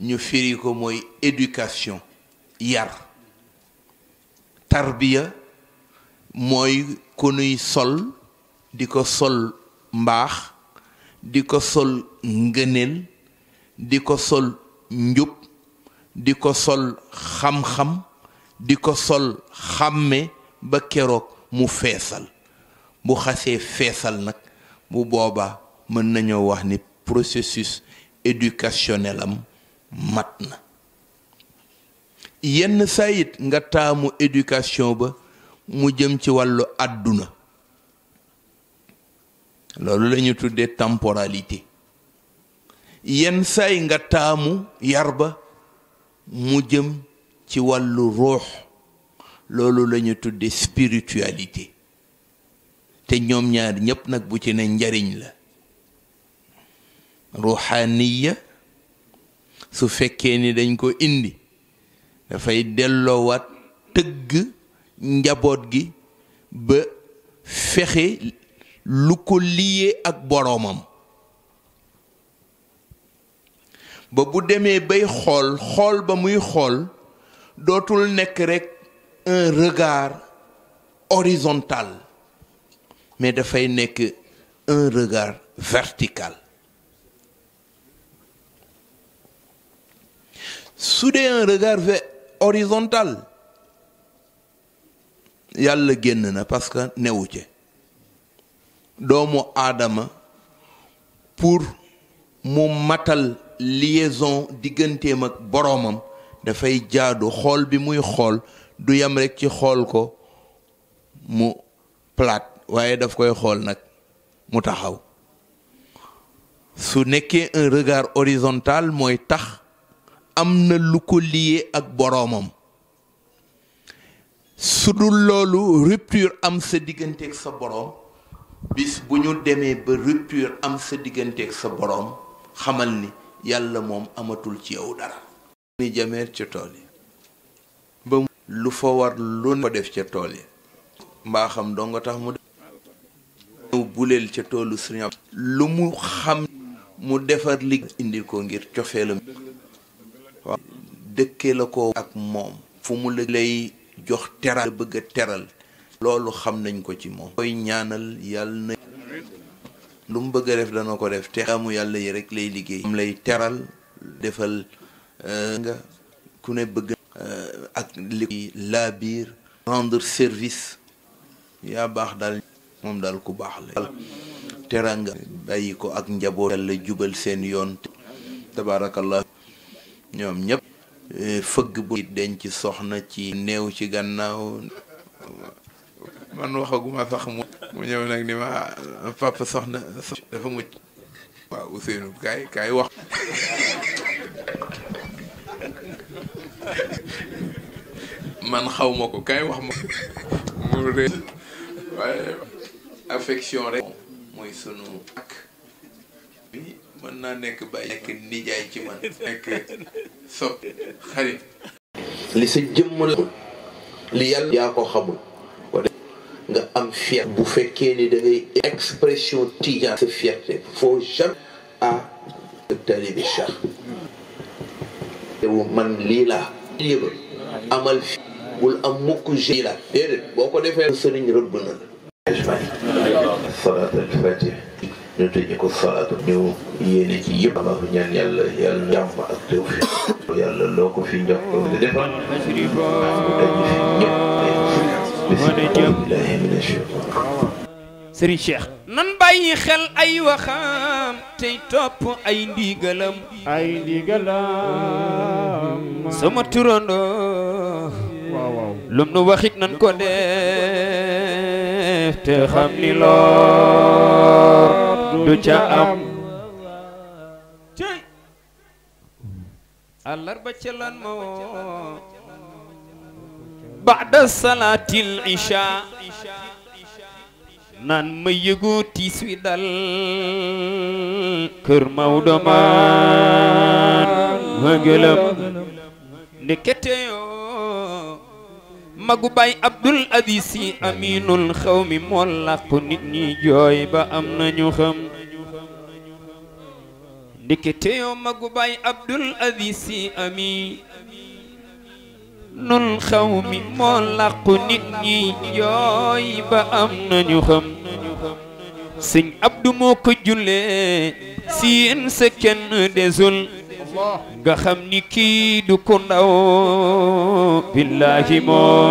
ñu firi ko mooy éducation yar tarbiya mooy ku nuy sol di ko sol mbaax di ko sol ngëneel di ko sol njub di ko sol xam-xam di ko sol xàmme ba keroog mu feesal bu xasee feesal nag bu boobaa mën nañoo wax ni processus éducationnel am mat na yenn sayit nga taamu éducation ba mu jëm ci wàllu àdduna loolu lañu tuddee temporalité yenn say nga taamu yar ba mu jëm ci wàllu ruux loolu lañu ñu tuddee spiritualité te ñoom ñaar ñépp nag bu ci ne njariñ la ruuxaaniya su fekkee ni dañ ko indi dafay delloowaat tëgg njaboot gi ba fexe lu ko liyee ak boroomam ba bu demee bay xool xool ba muy xool dootul nekk rekk un regard horizontal mais ne que un regard vertical Soudain, un regard horizontal a le na parce que newu ci Donc, Adam, pour mon matal liaison digganteem ak da il bi muy du yam ci waaye daf koy xool nag mu taxaw su nekkee un regard horizontal mooy tax am na lu ko lié ak boroomam su dul loolu rupture am sa digganteeg sa boroom bu ñu demee ba sa digganteeg sa boroom xamal ni yàlla moom amatul ci yow dara ni jameer ca tool yi ba lu fa war lu fa def ca tool yi mbaa doo nga tax mu ñëw buleel ca toolu suñu lu mu xam mu defar li ko ngir cofeelam waaw la ko ak moom fu mu la lay jox teral bëgg teral loolu xam nañ ko ci moom koy ñaanal na lu mu bëgg a def dana ko def te amu yàlla yi rek lay liggéey am lay teral defal euh, nga ku ne bëgg euh, ak li biir rendre service yaa baax daal moom daal ku baax la teranga bàyyi ko ak njaboot la jubal seen yoon tabaarakallah ñoom ñépp e, fëgg bu denc soxna ci néew ci gannaaw man waxaguma sax mu ñëw nag ni ma papa soxna dafa mucc waaw Ousseynou kaay kaay wax man xaw ma ko kaay wax ma mu ree waaye affection rek moy sunu ak bi man na nek nek nijaay ci man sopp xarit li sa jëm li yal ya ko xamul nga am fier bu fekkee ni da ngay expression tijaan faut jamais à man lii amal bul am mukk la déedéet boo ko defee ajmain salaatul fatih Cheikh nan bàyyi xel ay waxam tey topp ay ndigalam ay ndigalam sama turandoo lum nu waxit nan ko def te xam ni lor du ca am àllarba ca salaatil isha naan ma yëgu tiis wi dal kër Maodo maan ma gëlëm ndekete magu baay abdul aziz yi aminul xaw mi moo làqu nit ñi jooy ba am nañu xam ndikete yoo magu baay abdul aziz yi aminul xaw mi moo làqu nit ñi jooy ba am nañu xam sëñ abdu moo ko jullee si yéen sa kenn desul nga xam ni kii du ko ndaw billahi moo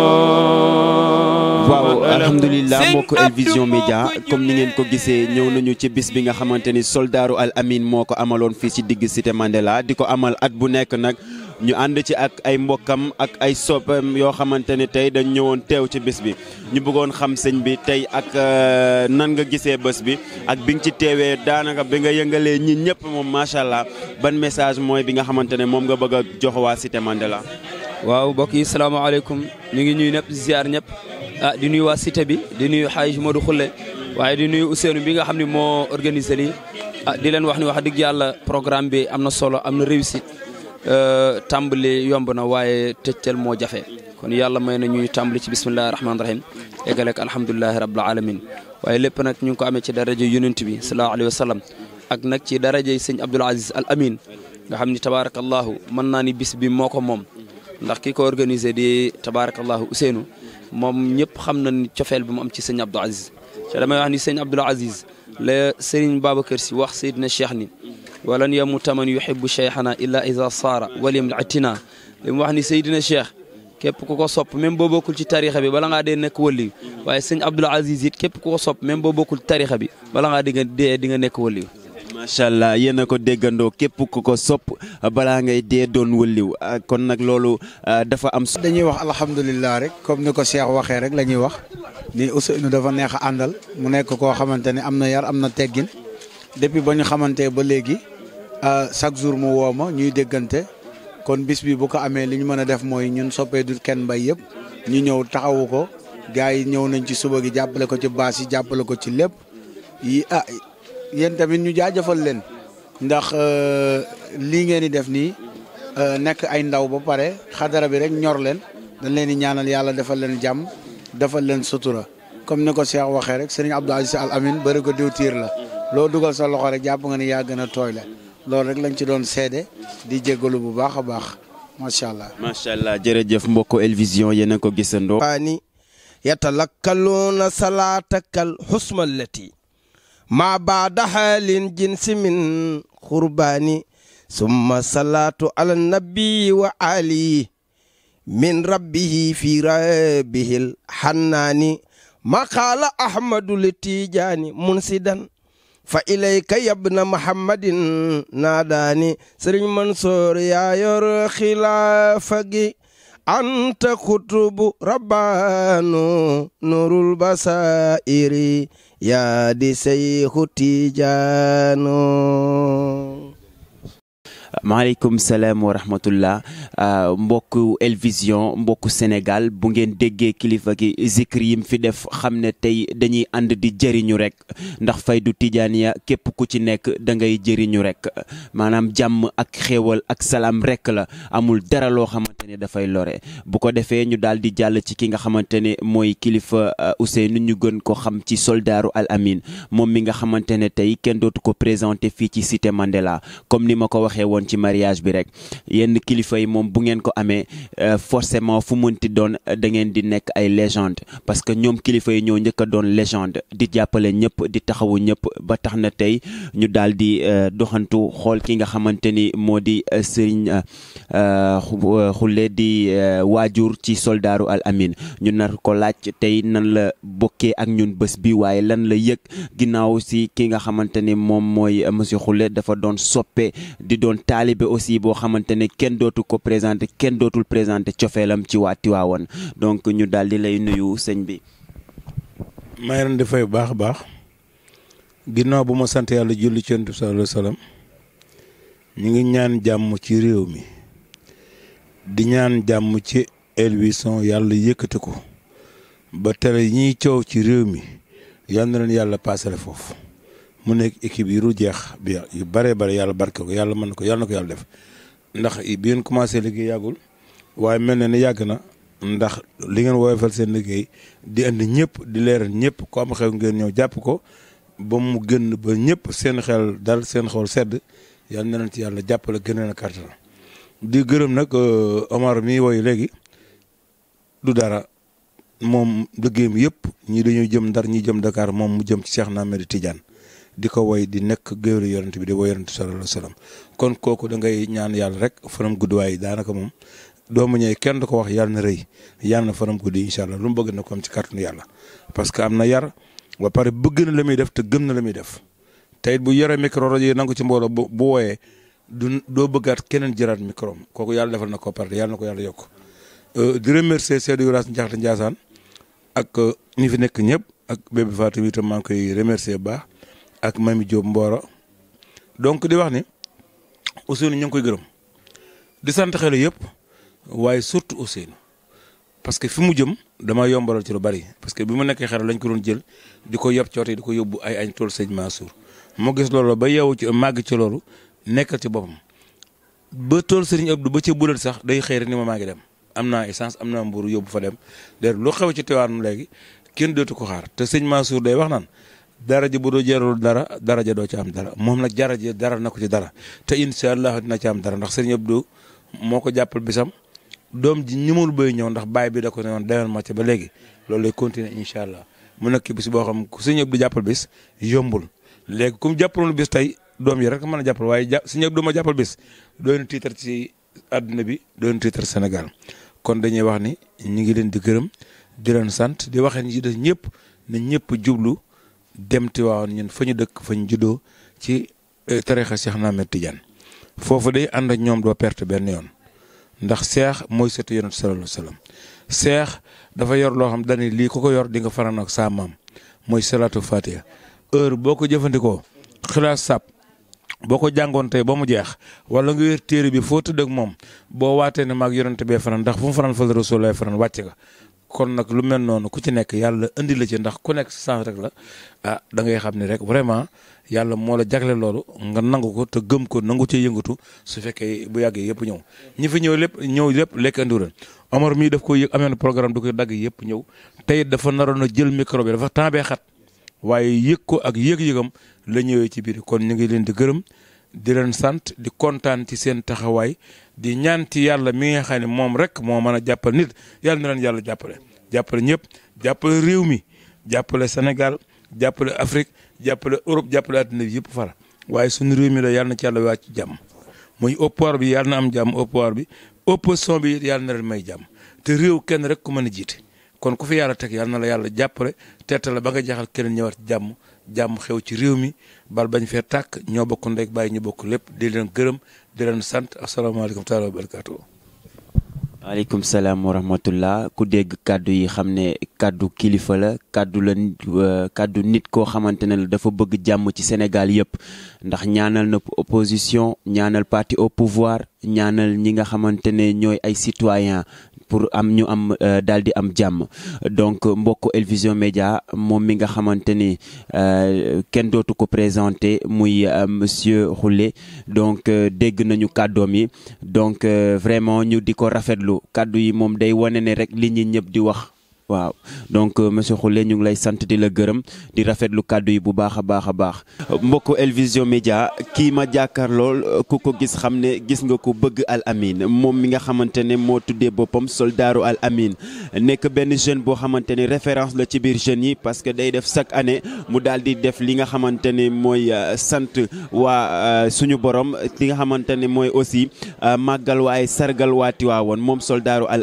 waaw alhamdulilah mbokk El Vision Média comme ni ngeen ko gisee ñëw nañu ci bis bi nga xamante ni soldaaru al amin moo ko amaloon fii ci digg cité Mandela di ko amal at bu nekk nag ñu ànd ci ak ay mbokkam ak ay soppeem yoo xamante ne tey dañ ñëwoon teew ci bis bi ñu bëggoon xam sëñ bi tey ak euh, nan nga gisee bés bi ak bi ci teewee daanaka bi nga yëngalee ñi ñëpp moom macha allah ban message mooy bi nga xamante ne moom nga bëgg a jox waa Cité Mandela. waaw mbokk yi salaamaaleykum ñu ngi ñuy ñëpp ziar ñëpp ah di nuyu waa Cité bi di nuyu Hadj Modou Khoule waaye di nuy Ousseynou bi nga xam ni moo organisé li ah di leen wax ni wax dëgg yàlla programme bi am na solo am na réussite. Euh, tàmbali yomb na waaye tëccal moo jafe kon yàlla may na ñuy tàmbali ci bisimillahi rahmaani rahim eggaleek alhamdulilahi rabbil alamin waaye lépp nag ñu ngi ko amee ci daraja yonent bi sallallahu alayhi wa sallam ak nag ci daraja sëñ Abdul Aziz Al Amin nga xam ni tabaarakallahu mën naa ni bis bi moo ko moom ndax ki ko organisé di tabaarakallahu Ousseynou moom ñëpp xam na ni cofeel bi mu am ci sëñ Abdul Aziz te damay wax ni sëñ Abdul Aziz la sëriñ Babacar si wax Seydina Cheikh ni mu walan yamuta man yuhibbu cheikhana illa isa saara walim itina li mu wax ni Seydina Cheikh képp ku ko sopp même boo bokkul ci tarixa bi bala ngaa dee nekk waliyu waaye sëñ Abdoul Aziz it képp ku ko sopp même boo bokkul ci tarixa bi bala ngaa di nga dee di nga nekk waliyu macha allah yéen a ko déggandoo képp ku ko sopp balaa ngay dee doon waliyu ah, kon nag loolu ah, dafa am dañuy wax alhamdulilah rek comme ni ko Cheikh waxee rek la ñuy wax ni Ousseynou dafa neex a àndal mu nekk koo xamante ne am na yar am na teggin depuis ba ba léegi Euh, chaque jour mu woo ma ñuy déggante kon bis bi bu ko amee li ñu mën a def mooy ñun soppee du kenn mbay yëpp ñu ñëw taxawu ko gars yi ñëw nañ ci suba gi jàppale ko ci baas yi jàppale ko ci lépp yi ah yéen tamit ñu jaajëfal leen ndax euh, lii ngeen di def nii euh, nekk ay ndaw ba pare xadara bi rek ñor leen dañ leen di ñaanal yàlla defal leen jàmm defal leen sutura comme ni ko Cheikh waxee rek sëriñ Abdou Aziz Al Amin bëri ko diw tiir la loo dugal sa loxo rek jàpp nga ni yaa gën a tooy la loolu rek lañ ci doon seede di jégalu bu baax a baax macha allah. macha allah jërëjëf mbokku Elvision yéen a ko gisandoo. ni yatalakkaluuna salaatakal xusma allati maa baadaha lin jinsi min xurbaani summa salaatu ala nabi wa ali min rabbihi fi rabbihil xannaani maqaala ahmadu li tiijaani munsidan fa ilayka yabna muhammadin naadaani sëriñ Mansoor yaa yor xilaafa gi anta kutubu rabbaanu nurul basairi yaa di seyxu tijaanu maaleykum salaam wa rahmatullah euh, mbokku Elvision mbokku Sénégal bu ngeen déggee kilifa gi zikr yim fi def xam ne tey dañuy ànd di jëriñu rek ndax fay du faydu ya képp ku ci nekk da ngay jëriñu rek maanaam jàmm ak xéewal ak salaam rek la amul dara loo xamante ne dafay lore bu ko defee ñu daal di jàll ci ki nga xamante ne mooy kilifa euh, Ousseynou ñu gën ko xam ci soldaaru Al Amine moom mi nga xamante ne tey kenn dootu ko présenté fii ci Cité Mandela comme ni ma ko waxee ci mariage bi rek yenn kilifa yi moom bu ngeen ko amee euh, forcément fu mënti doon euh, da ngeen di nekk ay légende parce que ñoom kilifa yi ñoo njëkk a doon légende di jàppale ñëpp di taxawu ñëpp ba tax na tey ñu daal di euh, doxantu xool ki nga xamante ni moo di Serigne Khoule di waajur ci soldaaru Al Amine ñu nar ko laaj tey nan la bokkee ak ñun bés bi waaye lan la yëg ginnaaw si ki nga xamante ni moom mooy monsieur Khoule dafa doon soppe di doon taalibe aussi boo xamante ne kenn dootu ko présenté kenn dootul présenté cofeelam ci waa Tiwaawan donc ñu daal di lay nuyu sëñ bi. maa ngi leen bu baax a baax ginnaaw bu ma sant yàlla julli ci Yonent bi ñu ngi ñaan jàmm ci réew mi di ñaan jàmm ci Elvision yàlla yëkkati ko ba tere ñiy coow ci réew mi yal na leen yàlla paasale foofu. mu nekk équipe yi ru jeex bi yu bëree bëri yàlla barke ko yàlla mën na ko yàlla ko yàlla def ndax bi ngeen commencé liggéey yàggul waaye mel na ni yàgg na ndax li ngeen woyofal seen liggéey di andi ñëpp di leeral ñëpp ko am xew ngeen ñëw jàpp ko ba mu gën ba ñëpp seen xel dal seen xol sedd yàlla na leen ci yàlla jàppale gën leen a kàttan di gërëm nag euh, Omar mi woy léegi du dara moom liggéeyam yëpp ñii dañuy jëm Ndar ñi jëm Dakar moom mu jëm ci Cheikh Ahmed Tidiane di ko woy di nekk géwélu yonent bi di woy yonent sallallahu alayhi wasallam kon kooku da ngay ñaan yàlla rek fanam gudd waaye daanaka moom doomu ñëwee kenn du ko wax yàlla na rëy yàlla na fanam gudd incha allah lu mu bëgg na ko am ci kàttanu yàlla parce que am na yar ba pare bëgg na la muy def te gëm na la muy def te it bu yore micro rajo yi nangu ci mbooloo bu bu wooyee du doo bëggaat keneen jëraat micro am kooku yàlla defal na ko pare yàlla na ko yàlla yokk euh, di remercier Seydou Yuraas Njaxte Njaasaan ak euh, ñi fi nekk ñëpp ak bébé Fatou itam maa ngi koy remercier bu baax ak Mami Diop Mboro donc di wax ni Ousseynou ñu ngi koy gërëm di sant xelu yëpp waaye surtout Ousseynou parce que fi mu jëm dama yombalal ci lu bari parce que bi mu nekkee xelu lañ ko doon jël di ko yóbbu coote di ko yóbbu ay añ tool sëñ Mansour moo gis loolu ba yeewu ci màgg ci loolu nekkal ci boppam ba tool ab du ba ca bulal sax day xëy rek ni ma maa ngi dem am naa essence am naa mburu yóbbu fa dem d'ailleurs lu xew ci Tivaouane léegi kenn dootu ko xaar te sëñ Mansour day wax naan daraja bu doo jarul dara daraja doo ci am dara moom jara jaraja dara na ko ci dara te incha allah dina ci am dara ndax sëriñ Abdou moo ko jàppal bisam doom ji ñëmul bay ñëw ndax baay bi da ko ne woon dayoon ma ba léegi loolu lay continuer incha allah mu nekk bis boo xam sëriñ Abdou jàppal bis yombul léegi ku mu jàppaloon bis tey doom yi rek mën a jàppal waaye ja sëriñ Abdou ma jàppal bis doo na tiitar ci àdduna bi doy na tiitar Sénégal kon dañuy wax ni ñu ngi leen di gërëm di leen sant di waxee ñi des ñëpp na ñëpp jublu. demti Tiwaawan ñun fañu dëkk fa ñu juddoo ci euh, tarixa Cheikh Ahmed Tidiane foofu day ànd ak ñoom doo perte benn yoon ndax seex mooy set yonent sallallahu alayhi dafa yor loo xam dani lii ku ko yor di nga faran ak saa maam mooy salatu fatiha heure boo ko jëfandikoo xilaas sàpp boo ko jàngoon tey ba mu jeex wala nga wér téere bi foo tëdd moom boo waatee ne maag yonent bee faran ndax fu mu faran fa la rasul lay faran wàcc nga kon nag lu mel noonu ku ci nekk yàlla indi la ci ndax ku nekk sa rek la ah da ngay xam ni rek vraiment yàlla moo la jagle loolu nga nangu ko te gëm ko nangu ci yëngatu su fekkee bu yàggee yëpp ñëw ñi fi ñëw lépp ñëw lépp lekk andiwuleen Omar mii daf ko yëg ameen programme du ko dagg yëpp ñëw tey dafa naroon a jël micro bi dafa temps xat waaye yëg ko ak yëg-yëgam la ñëwee ci biir kon ñu ngi leen di gërëm di leen sant di kontaan ci seen taxawaay di ñaan ci yàlla mi nga xam ne moom rek moo mën a jàppale nit yàlla na leen yàlla jàppale jàppale ñëpp jàppale réew mi jàppale Sénégal jàppale Afrique jàppale Europe jàppale àddina bi yëpp fara waaye suñu réew mi la yàlla na ci yàlla wàcc jàmm muy oppoir bi yàlla na am jàmm oppoir bi opposition bi yàlla na leen may jàmm te réew kenn rek ku mën a jiite kon ku fi yàlla teg yàlla na la yàlla jàppale teetal la ba nga jaxal keneen ñëwaat jàmm jàmm xew ci réew mi bal bañ fee tàkk ñoo bokk ndek bàyyi ñu bokk lépp di leen gërëm di leen sant asalaamaaleykum taala wa barakaatu. maaleykum salaam wa rahmatullah ku dégg kàddu yi xam ne kàddu kilifa la kàddu la euh, kàddu nit koo xamante ne la dafa bëgg jàmm ci Sénégal yépp ndax ñaanal na opposition ñaanal parti au pouvoir ñaanal ñi nga xamante ne ñooy ay citoyens pour am ñu am euh, daldi am donc euh, mbokk Elvision Média mom mi nga xamanteni euh ken dootu ko présenter muy euh, monsieur Roulé donc dégg nañu cadeau mi donc vraiment ñu diko ko rafetlu kàddu yi mom day wane ne rek li ñi ñëpp di wax waaw donc euh, monsieur Khoule ñu ngi lay sant di la gërëm di rafetlu kàddu yi bu baax a baax a baax mbokku El Média kii ma jàkkaar lool ku ko gis xam ne gis nga ko bëgg Al Amine moom mi nga xamante ne moo tuddee boppam soldaaru Al Amine nekk benn jeune boo xamante ne référence la ci biir jeunes yi parce que day def chaque année mu daal di def li nga xamante ne mooy euh, sant waa euh, suñu borom li nga xamante ne mooy aussi màggal waaye sargal waa Tiwaawoon moom soldaaru Al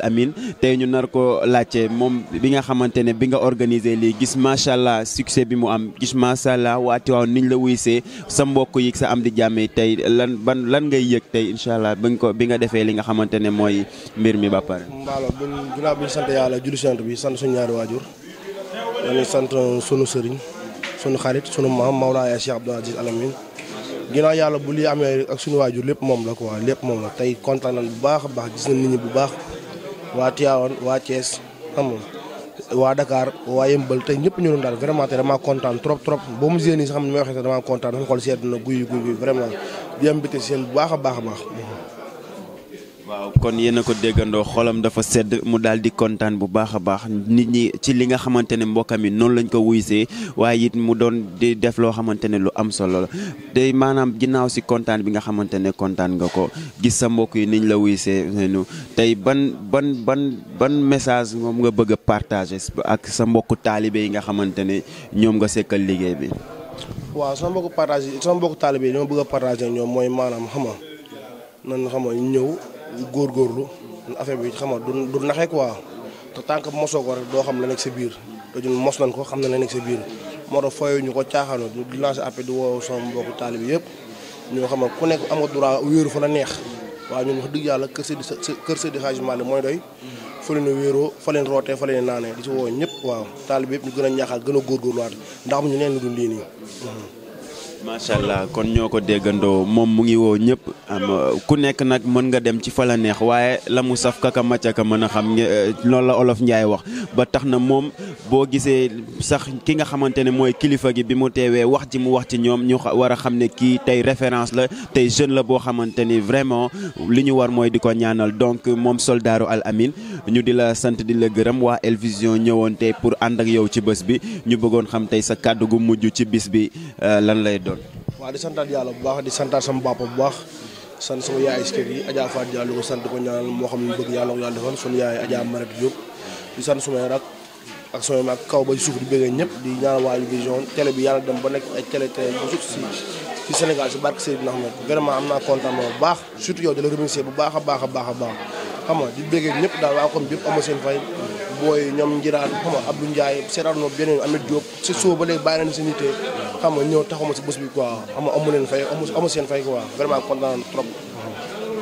bi nga xamante ne bi nga organiser lii gis macha allah succès bi mu am gis macha allah waa Tiwaawan niñ la wuysee sa mbokk yi sa am di jàmmee tey lan ban lan ngay yëg tey incha allah bi nga ko bi nga defee li nga xamante ne mooy mbir mi ba pare. mbaalo buñ ginnaaw bi ñu sant yàlla julli sant bi sant suñu ñaari waajur dañuy sant sunu sëriñ sunu xarit sunu maam Mawlaaya Cheikh Abdoul Aziz Al Amine ginnaaw yàlla bu li amee ak suñu waajur lépp moom la quoi lépp moom la tey kontaan bu baax a baax gis nañ bu baax waa Tiwaawan waa Thiès waa Dakar waa Yëmbal tey ñëpp ñu doon daal vraiment tey damaa kontaan trop trop ba mu génn yi sax xam ne may waxee sax damaa kontaan sama xol seet na guy guy guy vraiment di am mbégte seen bu baax a baax a baax waaw kon yéen a ko déggandoo xolam dafa sedd mu daal di kontaan bu baax a baax nit ñi ci li nga xamante ne mbokkam yi noonu lañ ko wuysee waaye it mu doon di def loo xamante ne lu am solo la te maanaam ginnaaw si kontaan bi nga xamante ne kontaan nga ko gis sa mbokk yi niñ la wuysee nu tey ban ban ban ban message moom nga bëgg partage partager ak sa mbokku taalibe yi nga xamante ne ñoom nga sekkal liggéey bi. waa sama mbokku partage sama mbokku taalibe yi li ma bëgg a ñoom mooy maanaam xam nga nan xam ñëw. góor ñu góorgóorlu affaire bi xam nga du du naxe quoi te tant que mosoo ko rek doo xam la nekk sa biir te ñun mos nañ ko xam ne la nekk sa biir moo tax fooy ñu ko caaxaanoo di lancer appel di woo sama mbokku taalib yëpp ñoo xam ne nekk am nga droit wéeru fa la neex waaw ñun wax dëgg yàlla kër Seydi kër Seydi Hadji Malick mooy doy fa leen wéeroo fa leen rootee fa leen naanee di si woo ñëpp waaw taalib yëpp ñu gën a ñaaxal gën a góorgóorluwaat ndax amuñu leen lu dul lii nii macha allah kon ñoo ko déggandoo moom mu ngi woo ñëpp ku nekk nag mën nga dem ci fa la neex waaye la mu saf kaka macaka mën a xam eh, loolu la olof Njaay wax ba tax na moom boo gisee sax ki nga xamante ne mooy kilifa gi bi mu teewee wax ji mu wax ci ñoom ñu war a xam ne kii tey référence la tey jeune la boo xamante ni vraiment li ñu war mooy di ko ñaanal donc moom soldaaru Al Amine ñu di la sant di la gërëm waa El Vision ñëwoon tey pour ànd ak yow ci bés bi ñu bëggoon xam tey sa kàddu mujj ci bis bi eh, lan lay doon. waaw di santaat yàlla bu baax di santaat sama papa bu baax sant sama yaay kër yi Adja Fatou Diallo ko sant ko ñaanal moo xam ne bëgg yàlla ko yàlla defal sunu yaay Adja Marete Diop di sant sumay rak ak sumay mag kaw ba suuf di bëggee ñëpp di ñaanal waa vision télé bi yàlla dem ba nekk ay télé télé bu suuf si ci Sénégal si barke Seydina Ahmed am naa kontaan bu baax surtout yow di la remercier bu baax a baax a baax a baax xam nga di bëggee ñëpp daal waa comme bi yëpp am seen fay booy ñoom Ngiraan xam nga Abdou Ndiaye Serano beneen Ameth Diop si suba ba léegi bàyyi nañ seen yitte xam nga ñëw taxuma si bés bi quoi xam nga amu leen fay amu seen fay quoi vraiment kontaan trop.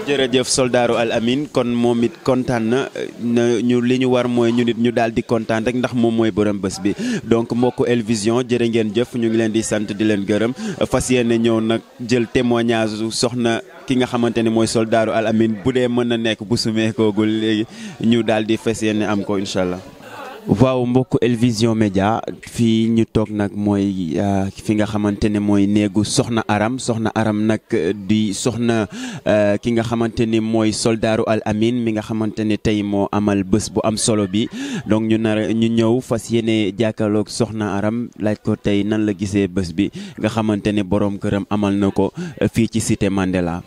jërëjëf soldaaru al amin kon moom it kontaan na ñu li ñu war mooy ñu nit ñu daal di kontaan rek ndax moom mooy borom bés bi donc mbokku El Vision ngeen jëf ñu ngi leen di sant di leen gërëm fas yéene ñëw nag jël témoignage soxna. ki nga xamante ne mooy soldaaru al amin bu dee mën na nekk bu sumee koogul léegi ñu daal di fas yéene am ko incha waaw mbokk El Vision Média fii ñu toog nag mooy euh, fi nga xamante ne mooy néegu soxna aram soxna aram nag di soxna euh, ki nga xamante ni mooy soldaaru al amin mi nga xamante ne tey moo amal bës bu am solo bi donc ñu nar ñu ñëw fas yéene jàkkaarloog soxna aram laaj ko tey nan la gisee bës bi nga xamante ne boroom këram amal na ko fii ci cité Mandela.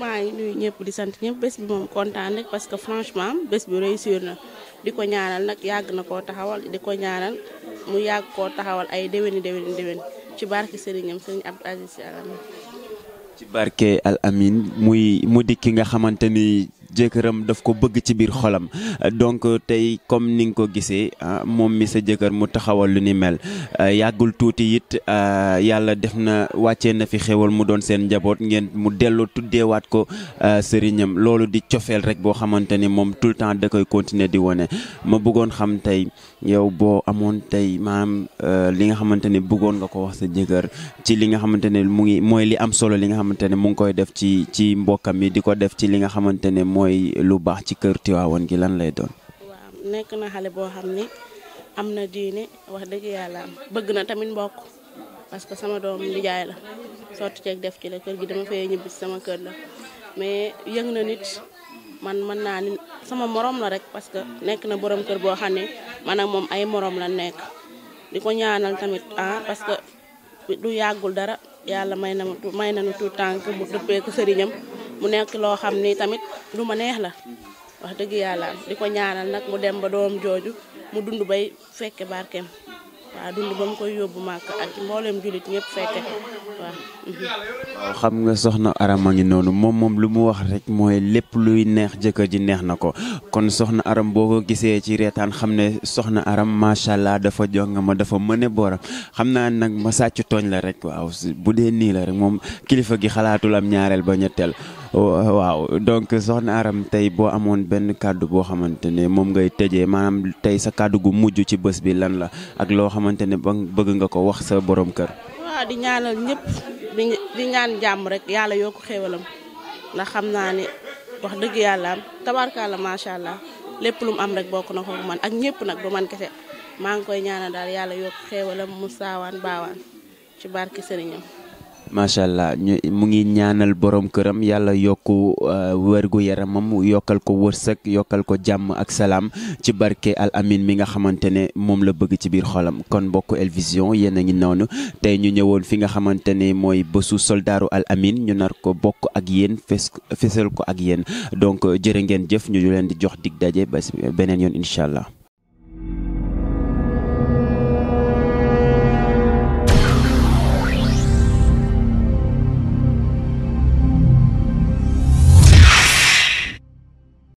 maa ngi nuyu ñëpp di sant ñëpp bés bi moom kontaan rek parce que franchement bés bi réussir na di ko ñaanal nag yàgg na koo taxawal di ko ñaanal mu yàgg koo taxawal ay déwéni déwéni déwén ci barke sëriñam sëriñ Abdou Aziz Al Amin ci barke Al muy mu di ki nga xamante ni jëkkëram daf ko bëgg ci biir xolam donc tey comme ni nga ko gisee ah, moom mi sa jëkkër mu taxawal lu ni mel ah, yàggul tuuti it ah, yàlla def na wàccee na fi xewal mu doon seen njaboot ngeen mu delloo tuddeewaat ko sëriñam loolu di cofeel rek boo xamante ni moom tout le temps da koy continuer di wone ma bëggoon xam tey yow boo amoon tey maanaam li nga xamante ni bëggoon nga ko wax sa jëkkër ci li nga xamante ne mu ngi mooy li am solo li nga xamante ne mu ngi koy def mooy lu baax ci kër Tiwaawan gi lan lay doon. nekk na xale boo xam ne am na diine wax dëgg yàlla am bëgg na tamit mbokk parce que sama doom nijaay la sotti ceeg def ci la kër gi dama fee ñibbi sama kër la mais yëng na nit man mën naa ni sama moroom la rek parce que nekk na boroom kër boo xam ne man ak moom ay moroom la nekk di ko ñaanal tamit ah parce que yàggul dara. yàlla may na may na nu tout tànk bu ko sëriñam mu nekk loo xam ni tamit lu ma neex la wax dëgg yàlla di ko ñaanal nag mu dem ba doom jooju mu dund bay fekke barkem waaw dund ba mu koy yóbbu màkk ak mbooleem jullit ñëpp fekke waaw. waaw xam nga soxna Aram a ngi noonu moom moom lu mu wax rek mooy lépp luy neex jëkkër ji neex na ko kon soxna Aram boo ko gisee ci reetaan xam ne soxna Aram macha allah dafa jonga ma dafa mën booram xam naa nag ma sàcc tooñ la rek waaw bu dee nii la rek moom kilifa gi xalaatul am ñaareel ba ñetteel. waaw donc soxna Aram tey boo amoon benn kàddu boo xamante ne moom ngay tëjee maanaam tey sa kàddu gu mujj ci bës bi lan la ak loo xamante ne ba bëgg nga ko wax sa boroom kër. waaw di ñaanal ñëpp di ñaan jàmm rek yàlla yokk xéewalam ndax xam naa ni wax dëgg yàlla tabarkaala macha allah lépp lum am rek bokk na ko man ak ñëpp nag du man kese maa ngi koy ñaanal daal yàlla yokk xéewalam mu saawaan baawaan ci barke sëriñam macha allah ñu mu ngi ñaanal borom këram yàlla yokk euh, wërgu yaramam yokkal ko wërsëg yokkal ko jàmm ak salaam ci barke al amin mi nga xamante ne moom la bëgg ci biir xolam kon mbokk El Vision yéen a ngi noonu tey ñu ñëwoon fi nga xamante ne mooy bésu soldaaru al amin ñu nar ko bokk ak yéen fes fesal ko ak yéen donc jërë ngeen jëf ñu leen di jox dig daje ba beneen yoon incha allah.